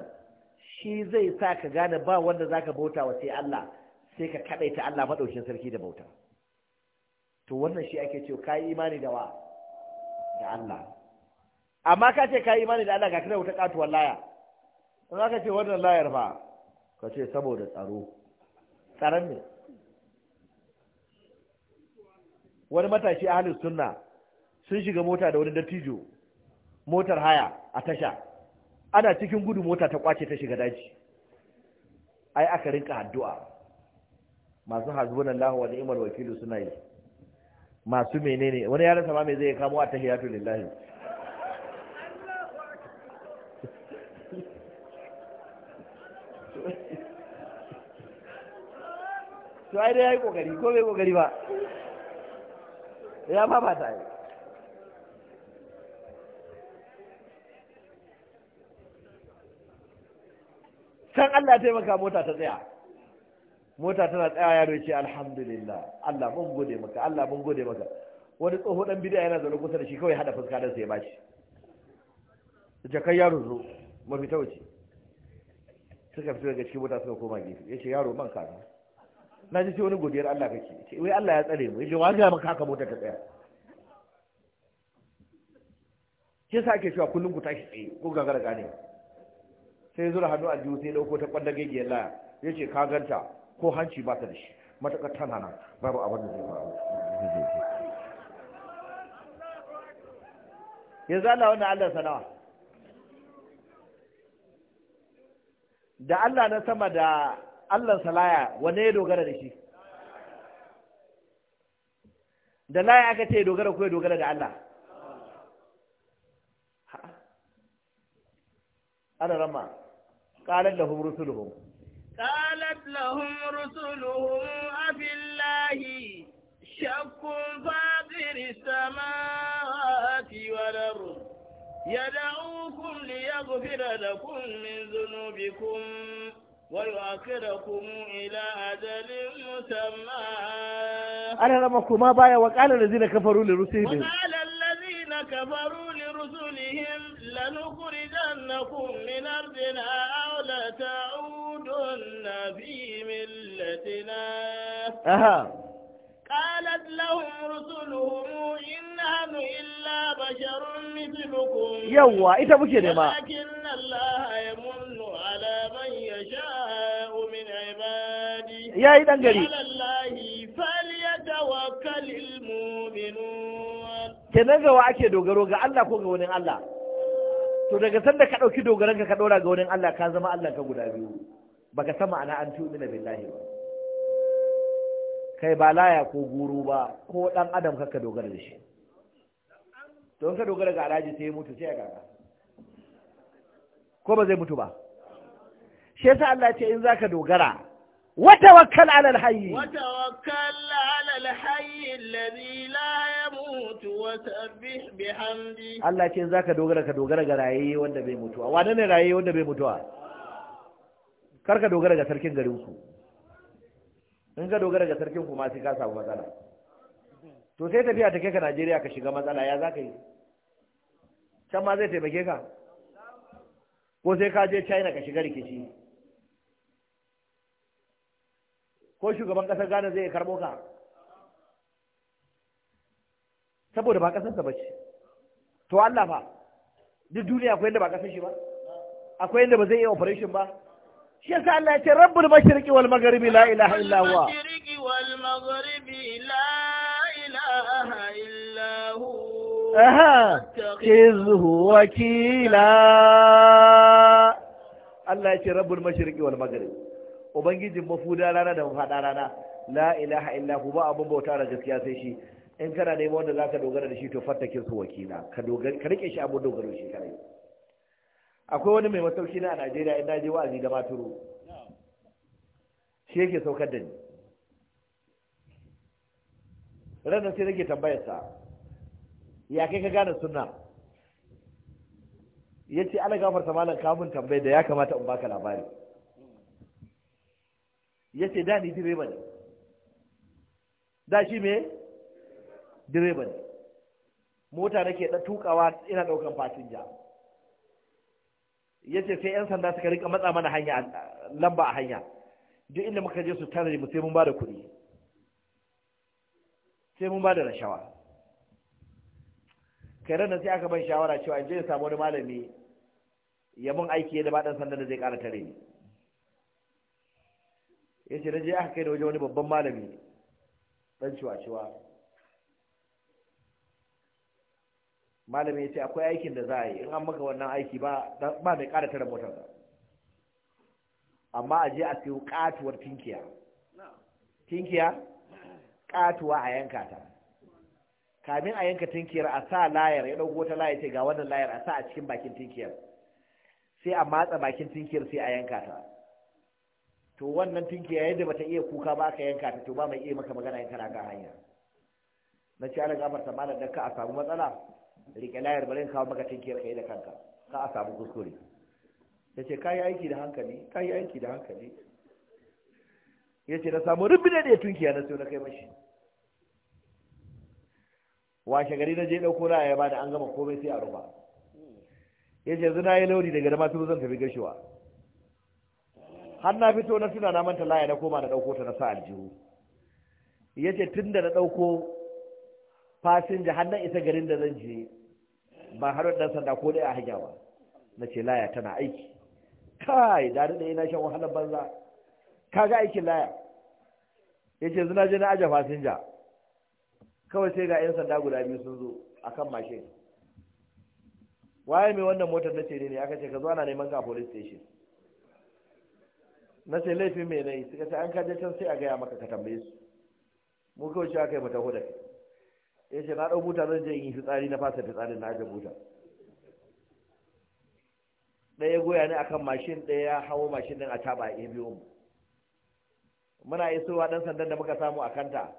shi zai sa ka gane ba wanda za ka bauta wa sai Allah sai ka ta Allah maɗaukin sarki da bauta to wannan shi ake ce ka yi imani da wa da Allah amma ka ce ka yi imani da Allah ga kira wuta katuwar laya in ka ce wannan layar ba ka ce saboda tsaro tsaron ne wani matashi ahalin sunna sun shiga mota da wani dattijo motar haya a tasha ana cikin gudu mota ta kwace ta shiga daji ai aka rinka addu'a masu hasbunan lahu wa ni'mal wakilu suna yi masu menene wani yaran sama mai zai kamo a tahiyatu lillahi to ai dai ai kokari ko bai kokari ba ya ma ba ta yi can Allah ya taimaka mota ta tsaya mota tana tsaya yaro ya ce alhamdulillah Allah mun gode maka Allah mun gode maka wani tsoho dan bidiya yana zaune kusa da shi kawai hada fuska dan sai ya bashi kai yaro zo ta wuce suka fito daga cikin mota suka koma gefe ya ce yaro man kaza na ji ce wani godiyar Allah kake ce wai Allah ya tsare mu ya ce wa ga maka haka mota ta tsaya Ke sa ake cewa kullum ku tashi tsaye ko gagara gane sai zura hannu a jiwu sai dauko ta kwanda gegiyar laya ya ce ka ganta ko hanci ba ta da shi matakar tana nan babu abin da zai faru ya zala wani allah sanawa da allah na sama da allah salaya wane ya dogara da shi da laya aka ce dogara ko ya dogara da allah ana rama قالت لهم رسلهم قالت لهم رسلهم أفي الله شك فاطر السماوات والأرض يدعوكم ليغفر لكم من ذنوبكم ويؤخركم إلى أجل مسمى أنا لما كما بايا وقال الذين كفروا لرسلهم وقال الذين كفروا لنخرجنكم من أرضنا أو لتعودن في ملتنا أها قالت لهم رسلهم إن نحن إلا بشر مثلكم يوا إذا بكر ما ولكن الله يمن على من يشاء من عباده يا إذا قريب على الله فليتوكل المؤمنون kenan gawa ake dogaro ga Allah ko ga wani Allah to daga sanda ka ɗauki dogaranka ka ɗora ga wurin Allah ka zama Allah ka guda biyu baka san ma'ana an tu'mina billahi ba kai ba laya ko guru ba ko dan adam kaka dogara da shi to ka dogara ga alhaji sai ya mutu sai ya kaka ko ba zai mutu ba shi yasa Allah ce in zaka dogara wa tawakkal ala alhayy wa tawakkal ala alhayy alladhi Allah ce za ka dogara ka dogara ga raye wanda bai mutuwa wane ne raye wanda bai mutuwa kar ka dogara ga sarkin garin in ka dogara ga sarkin ku ma sai ka samu matsala to sai tafiya ta kai ka Najeriya ka shiga matsala ya za ka yi can ma zai taimake ka ko sai ka je China ka shiga rikici ko shugaban kasar Ghana zai karbo ka saboda ba ƙasarsa ba ce to Allah fa duk duniya akwai yadda ba kasan shi ba akwai yadda ba zai iya operation ba shi yasa Allah ya ce rabbul mashriqi wal maghribi la ilaha illa huwa mashriqi wal maghribi la ilaha illa huwa aha kizhu wakila Allah ya ce rabbul mashriqi wal maghribi ubangijin mafuda rana da mafada rana la ilaha illa huwa abun bauta da gaskiya sai shi in kana ne wanda za ka dogara da shi to fattakin su wakila ka rike shi abu dogaro shi kare akwai wani mai masauki na a najeriya in je wa'azi da maturu shi yake saukar da ni ranar sai nake tambayarsa ya kai ka gane sunna ya ce ana gafar malam kamun tambayar da ya kamata in baka labari ya ce da ni direba ne da shi me direba ne mota da ke tukawa ina daukan fasinja yace sai yan sanda suka rika matsa mana hanya lamba a hanya duk inda muka je su tare mu sai mun bada kuɗi sai mun bada rashawa kai ran sai aka ban shawara cewa in je ya samu wani malami ya mun aiki da ba dan sanda da zai ƙara tare ni yace na je aka kai da wani babban malami dan ciwa ciwa malami ya ce akwai aikin da za a yi in an maka wannan aiki ba mai ƙara tara motar ba amma a je a siyo katuwar tinkiya tinkiya katuwa a yanka ta kamin a yanka tinkiyar a sa layar ya ɗauko ta layar ce ga wannan layar a sa a cikin bakin tinkiyar sai a matsa bakin tinkiyar sai a yanka ta to wannan tinkiya yadda bata iya kuka ba ka yanka ta to ba mai iya maka magana yin kana ga hanya na ce ala gabar ta malar ka a samu matsala rike layar bare kawo maka tinkiyar kai da kanka ka a samu kuskure ya ce ka yi aiki da hankali ka yi aiki da hankali ya ce na samu rubin da ya tunkiya na sai na kai mashi washe gari na je ɗauko na ya bada an gama komai sai a rufa ya ce yanzu na yi lauri daga dama turu zan tafi gashewa har na fito na suna na manta laya na koma na ɗauko ta na sa aljihu ya ce tun da na ɗauko fasinja har isa garin da zan je ba har dan sanda ko dai a hanya ba na ce laya tana aiki kai da da ina shan wahalar banza kaga aikin laya ya ce zina je na aje fasinja kawai sai ga 'yan sanda guda biyu sun zo a kan mashin waye mai wannan motar na ce ne aka ce ka zo ana neman ka police station na ce laifin mai nai suka ce an kaje can sai a gaya maka ka tambaye su mu kawai shi aka yi mata hudar ya ce na ɗau buta zan je yi fitsari na fasa fitsarin na aje buta ɗaya goya ne akan mashin ɗaya ya hawo mashin ɗin a taba a biyo mu muna isowa ɗan sandan da muka samu a kanta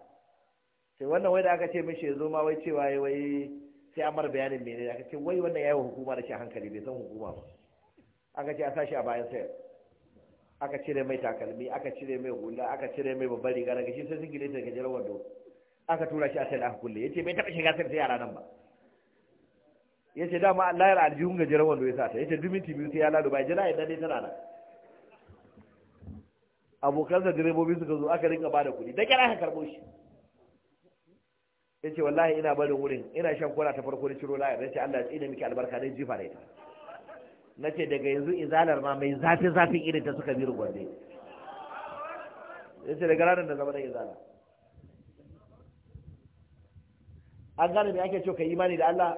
sai wannan wai da aka ce mishi zo ma wai cewa ya wai sai an mara bayanin mene aka ce wai wannan ya yi wa hukuma da shi hankali bai san hukuma ba aka ce a sa shi a bayan sayar aka cire mai takalmi aka cire mai hula aka cire mai babbar riga daga shi sai sun gine ta jirgin wando aka tura shi a sai aka kulle yace bai taba shiga sai yara nan ba yace dama Allah ya aljihun ga jira wanda ya sa ta yace dumin tibi sai ya lalo bai jira idan dai tana nan abokansa direbobi suka zo aka rinka bada kuɗi da kira aka karbo shi yace wallahi ina barin wurin ina shan kola ta farko da ciro laya yace Allah ya tsine miki albarka dai jifa da ita nace daga yanzu izalar ma mai zafi zafin irin ta suka bi rugwande yace daga ranar da zama da izala an gane me ake cewa ka imani da Allah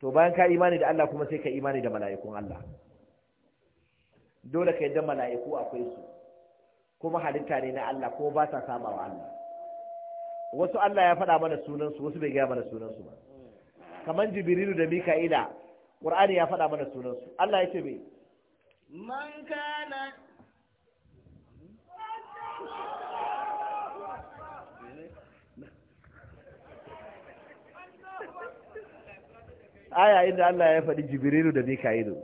to bayan ka imani da Allah kuma sai ka imani da mala'ikun Allah dole ka yadda mala'iku akwai su kuma halitta ne na Allah ko ba sa saba wa Allah wasu Allah ya faɗa mana sunansu wasu bai gaya mana sunansu ba kamar jibrilu da mika'ila qur'ani ya faɗa mana sunansu Allah ya ce me man kana aya inda Allah ya faɗi jibirilu da mikailu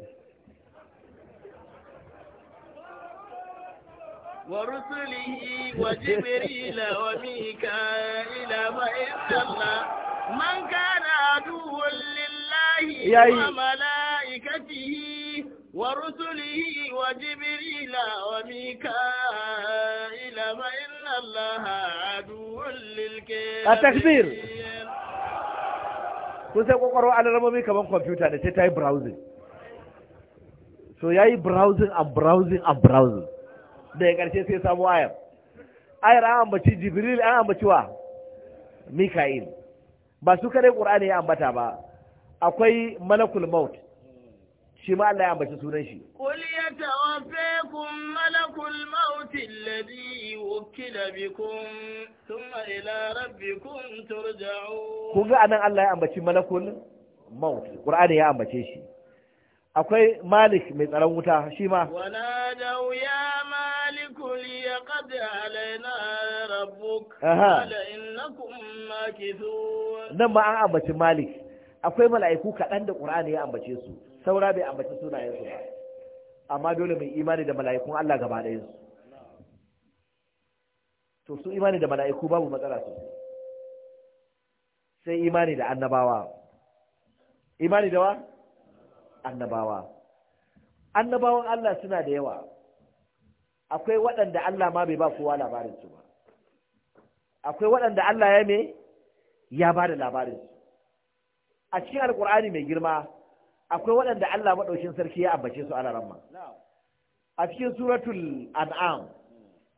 yayi ورسله وجبريل وميكائيل ما إن kun sai kwakwaro alarmomi kamar kwamfuta da sai ta yi browsing so ya yi browsing and browsing and browsing ya ƙarshe sai samu ayar ayar an ambaci jibril an ambaci wa mika'il ba su kadai ƙur'ani ya ambata ba akwai malakul maut shi ma Allah ya ambaci sunan shi qul yatawaffakum malakul maut alladhi wukila bikum thumma ila rabbikum turja'un kun ga anan Allah ya ambaci malakul maut qur'ani ya ambace shi akwai malik mai tsaron wuta shi ma wana da ya maliku ya qad alaina rabbuk qala innakum makithun nan ma an ambaci malik akwai mala'iku kaɗan da qur'ani ya ambace su saura bai ambaci sunayensu ba amma dole mai imani da mala'ikun Allah gaba ɗayansu to su imani da mala'iku babu matsala su sai imani da annabawa imani da wa annabawa annabawan Allah suna da yawa akwai waɗanda Allah ma bai ba kowa labarinsu ba akwai waɗanda Allah ya me ya ba da labarinsu a cikin alkur'ani mai girma akwai waɗanda Allah maɗaukin sarki ya ambace su ana ramma a cikin suratul Al'am,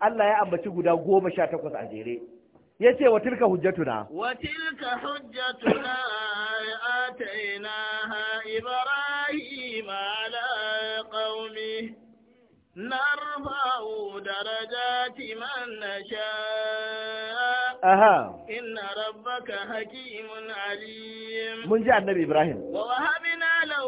Allah ya ambaci guda goma sha takwas a jere ya ce wa tilka hujjatuna wa tilka hujjatuna ha ibrahim ala qaumi narfa'u darajati man nasha aha inna rabbaka hakimun alim mun ji annabi ibrahim wa wahabi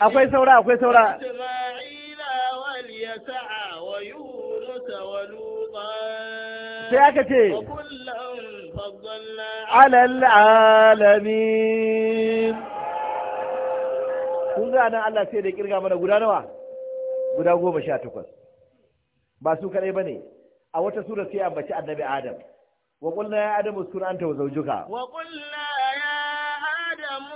akwai saura akwai saura sai aka ce alal alami. kun ga nan Allah sai da kirga mana guda nawa guda goma sha takwas ba su ba ne. a wata sura sai ambaci annabi adam wa ƙulla ya adamu uskun anta wa zaujuka. wa ƙulla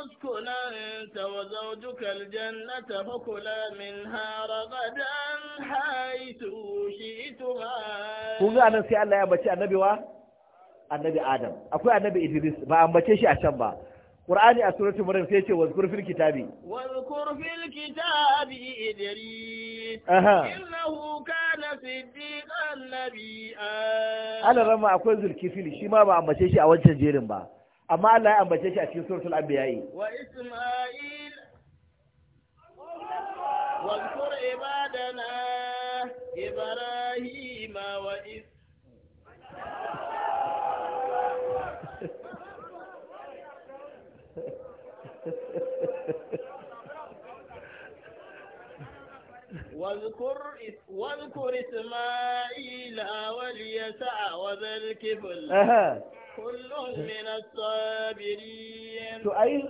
اسكن أنت وزوجك الجنة فكلا منها رغدا حيث شئتما kun ga anan sai Allah ya bace annabi wa annabi Adam akwai annabi Idris ba ambace shi a can ba Qur'ani a suratu Maryam sai ce wazkur kitabi wazkur kitabi Idris innahu kana siddiqan nabiyya Allah rama akwai zulkifil shi ma ba ambace shi a wancan jerin ba amma Allah ya ambace shi a cikin suratul anbiya wa isma'il wa zkur ibadana ibrahima wa is واذكر واذكر اسماعيل واليسع وذا الكفل to ai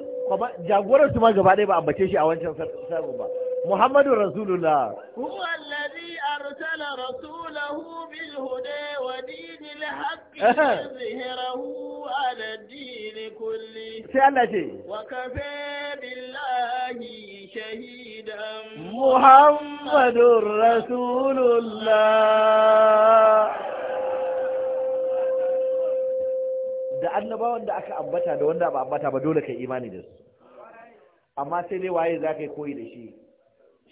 jagorar su ma gaba ɗaya ba ambace shi a wancan sarkin ba Muhammadu Rasulullah huwa alladhi arsala rasulahu bil huda wa dinil haqqi yuzhirahu eh. ala din kulli sai Allah ce wa kafa billahi shahidan Muhammadu Rasulullah da annabawan da aka ambata da wanda ba ambata ba dole kai imani da su amma sai dai waye za ka yi koyi da shi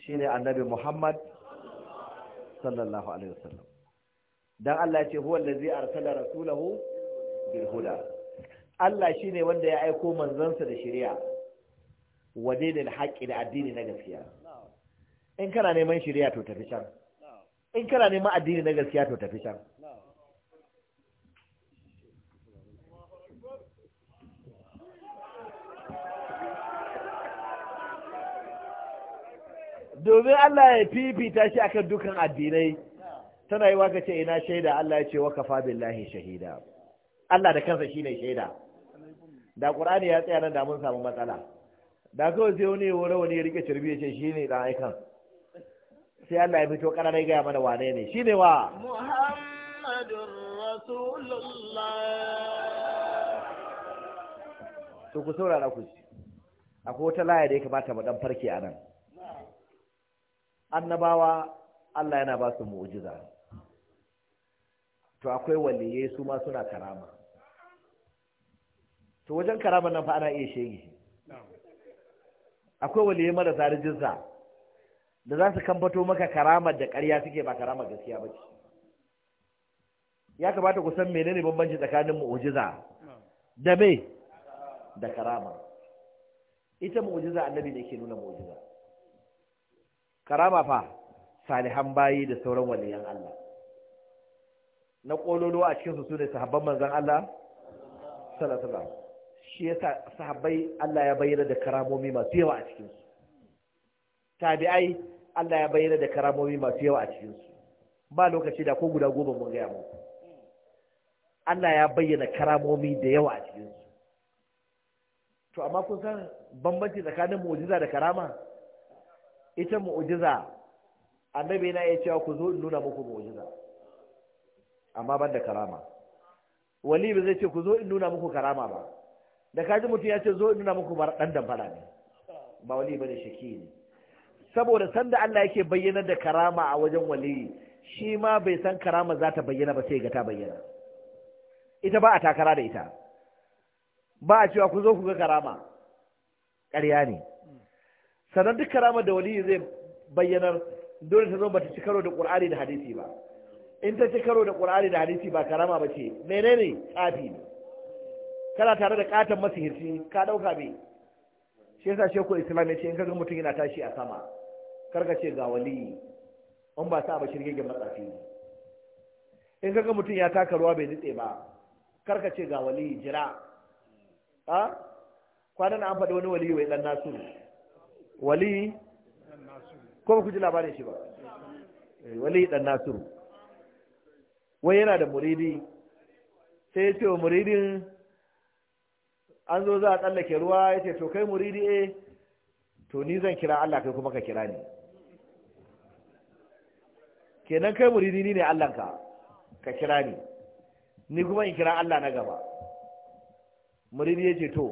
Shi ne annabi Muhammad sallallahu alaihi wasallam dan Allah ya ce huwa allazi arsala rasulahu bil huda Allah ne wanda ya aiko manzansa da shari'a wa da haƙƙi da addini na gaskiya in kana neman shari'a to tafi can in kana neman addini na gaskiya to tafi can domin Allah ya fifita shi akan dukan addinai tana yi waka ce ina shaida Allah ya ce wa kafa billahi shahida Allah da kansa shine shaida da Qur'ani ya tsaya nan da mun samu matsala da ko sai wani wani wani rike cirbi ya ce shine dan aikan sai Allah ya fito karara ga mana wane ne shine wa Muhammadur Rasulullah to ku saurara ku akwai wata laya da ya kamata mu dan farke a nan annabawa Allah yana ba su mu'jiza to akwai waliye su ma suna karama to wajen karama nan fa ana iya shege akwai waliyai marasa rijinsa da za su kambato maka karamar da ƙarya suke ba karamar gaskiya ba ya kamata ku san menene bambanci tsakanin mu'jiza da me da karama ita mu'ujiza annabi ne ke nuna mu'jiza karama fa salihan bayi da sauran waliyan Allah na kololo a cikin su sune sahabban manzon Allah sallallahu alaihi wasallam shi yasa sahabbai Allah ya bayyana da karamomi masu yawa a cikin su tabi'ai Allah ya bayyana da karamomi masu yawa a cikin su ba lokaci da ko guda goma mun gaya muku Allah ya bayyana karamomi da yawa a cikin su to amma kun san bambanci tsakanin mu'jiza da karama ita mu'jiza annabi na iya cewa ku zo in nuna muku mu'jiza amma ban da karama wali ba zai ce ku zo in nuna muku karama ba da kaji mutum ya ce zo in nuna muku dan damfara ne ba wali ba da shaki ne saboda sanda Allah yake bayyanar da karama a wajen wali shi ma bai san karama za ta bayyana ba sai ga ta bayyana ita ba a takara da ita ba a cewa ku zo ku ga karama ƙarya ne sannan duk karama da waliyi zai bayyanar dole ta zo ba ta ci karo da ƙur'ani da hadisi ba in ta ci karo da ƙur'ani da hadisi ba karama ba ce menene tsafi ne kana tare da katon masihirci ka ɗauka me? shi yasa shekul islam ya ce in kaga mutum yana tashi a sama karka ce ga wali in ba sa ba shirgegen matsafi in kaga mutum ya taka ruwa bai nutse ba karka ce ga wali jira a ah? kwanan an faɗi wani waliyu wai ɗan nasu wali ko ku ji labarin shi ba eh, wali dan nasiru wai yana da muridi sai ya ce wa muridin an zo za a tsallake ruwa ya ce to kai muridi eh to ni zan kira Allah kai kuma ka kira ni kenan kai muridi ni ne Allahnka ka kira ni ni kuma in kira Allah na gaba muridi ya ce to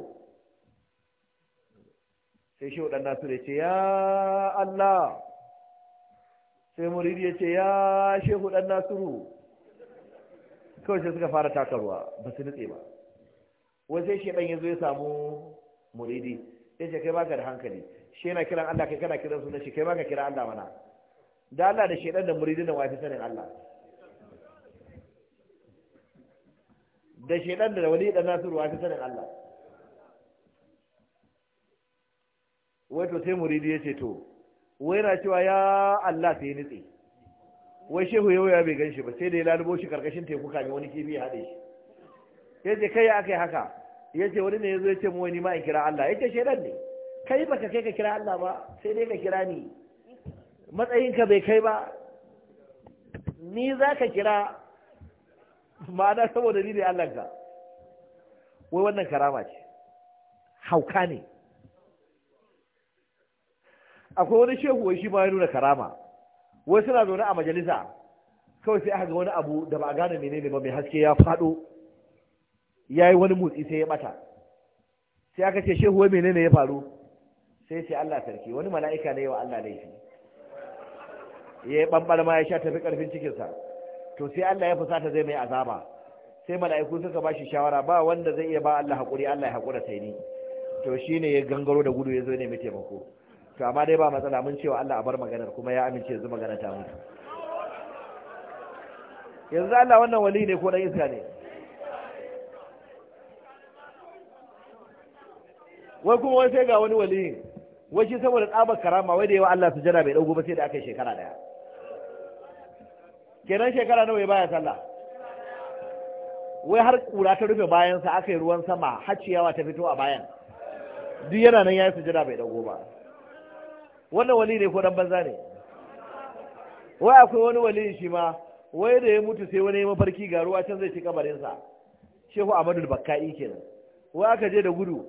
sai shi waɗanda su da ce ya Allah sai muridi ya ce ya shehu ɗan nasiru kawai sai suka fara takarwa ba su nutse ba wai sai ɗan ya zo ya samu muridi ya ce kai baka da hankali shi yana kiran Allah kai kana kiran sunan shi kai baka kira Allah mana da Allah da shedan da muridi da wafi sanin Allah da shedan da wali ɗan nasiru wafi sanin Allah wai to sai muridi ya ce to wai na cewa ya Allah sai nitse wai shehu ya waya bai ganshi ba sai da ya lalubo shi karkashin teku kamin wani kifi ya haɗe shi ya ce kai aka yi haka ya wani ne ya zo ya mu wani ma in kira Allah ya ce ne kai baka kai ka kira Allah ba sai dai ka kira ni matsayinka bai kai ba ni za ka kira ma'ana saboda ni ne Allah ka wai wannan karama ce hauka ne akwai wani shehu wai shi ma ya nuna karama wai suna zaune a majalisa kawai sai aka ga wani abu da ba a gane menene ba mai haske ya faɗo ya yi wani motsi sai ya ɓata sai aka ce shehu wai menene ya faru sai sai Allah sarki wani mala'ika ne wa Allah laifi ya yi bambara ma ya sha tafi ƙarfin cikinsa to sai Allah ya fusata zai mai azaba sai mala'iku suka ba shi shawara ba wanda zai iya ba Allah haƙuri Allah ya haƙura sai ni to shine ya gangaro da gudu ya zo ne mai taimako to amma dai ba matsala mun cewa Allah a bar maganar kuma ya amince yanzu magana ta mutu yanzu Allah wannan wali ne ko dan iska ne wai kuma wai sai ga wani wali wai shi saboda tsabar karama wai da yawa Allah su jira bai dauko ba sai da aka yi shekara daya kenan shekara nawa ya baya sallah wai har kura ta rufe bayansa aka yi ruwan sama har ta fito a bayan duk yana nan ya yi sujada bai dauko ba wannan wali ne ko dan banza ne wai akwai wani wali shi ma wai da ya mutu sai wani ya mafarki ga ruwa can zai ci kabarinsa shehu amadul bakka'i kenan wai aka je da gudu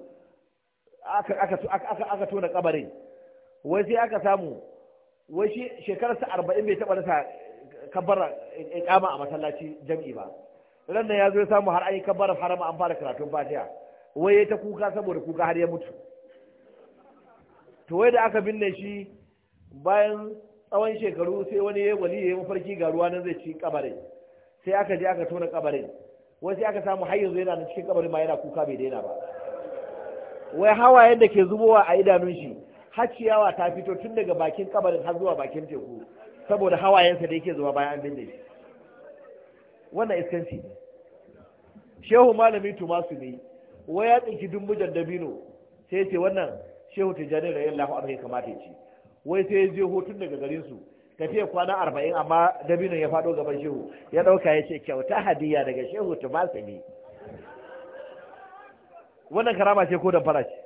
aka aka aka tona kabarin wai sai aka samu wai shi shekararsa arba'in bai taba rasa kabbara ikama a masallaci jam'i ba ran nan ya zo ya samu har an yi kabbarar harama an fara karatun fatiha wai ya ta kuka saboda kuka har ya mutu to wai da aka binne shi bayan tsawon shekaru sai wani ya wali ya yi mafarki ga ruwa nan zai ci kabarin sai aka je aka tona kabarin wai sai aka samu har yanzu yana cikin kabarin ma yana kuka bai daina ba wai hawayen da ke zubowa a idanun shi har ciyawa ta fito tun daga bakin kabarin har zuwa bakin teku saboda hawayensa da yake zuwa bayan an binne shi wannan iskanci ne shehu malami tumasu ne wai ya tsinki dumbujan dabino sai ce wannan shehu tijjani da yalla lafi ya kamata ya ci wai sai ya je hutun daga garin su tafiya kwana arba'in amma dabinin ya faɗo gaban shehu ya ɗauka ya ce kyauta hadiya daga shehu ne wannan karama ce ko da farashi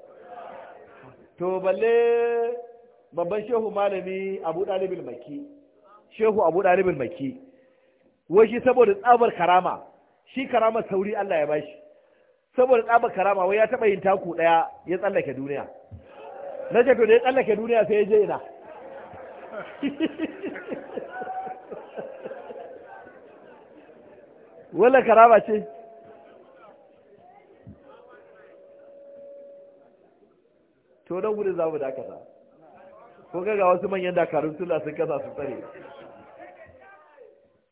to balle babban shehu malami abu ɗalibin maki shehu abu ɗalibin maki wai shi saboda tsabar karama shi karama sauri Allah ya bashi saboda tsabar karama wai ya taɓa yin taku ɗaya ya tsallake duniya na ce to da ya tsallake duniya sai ya je ina wala karaba ce to don gudun za mu dakata ko ga wasu manyan dakarun suna sun kasa su tsare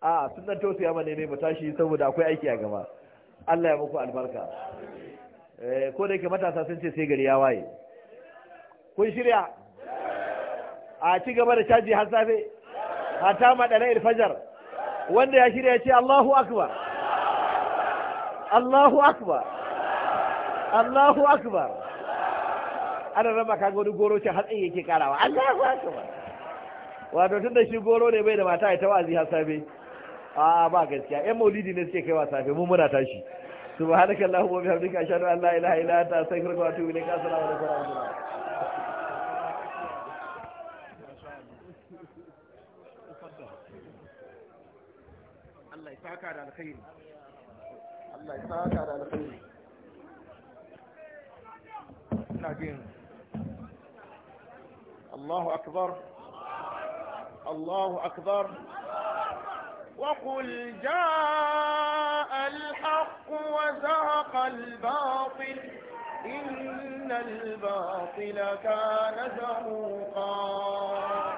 a sun nan tausaya mana ne mu tashi saboda akwai aiki a gaba Allah ya muku albarka eh, ko da yake matasa sun ce sai gari ya waye kun shirya a ci gaba da caji har safe maɗa na irfajar wanda ya shirya ce Allahu akbar Allahu akbar Allahu akbar ana rama kaga wani goro ce hatsi yake karawa Allahu akbar wato tun da shi goro ne bai da mata ya ta har safe a ba gaskiya yan maulidi ne suke kaiwa safe mu muna tashi subhanakallahumma wa bihamdika ashhadu an la ilaha illa anta astaghfiruka wa atubu ilaik assalamu alaikum wa rahmatullahi الله أكبر الله أكبر وقل جاء الحق وزهق الباطل إن الباطل كان زهوقا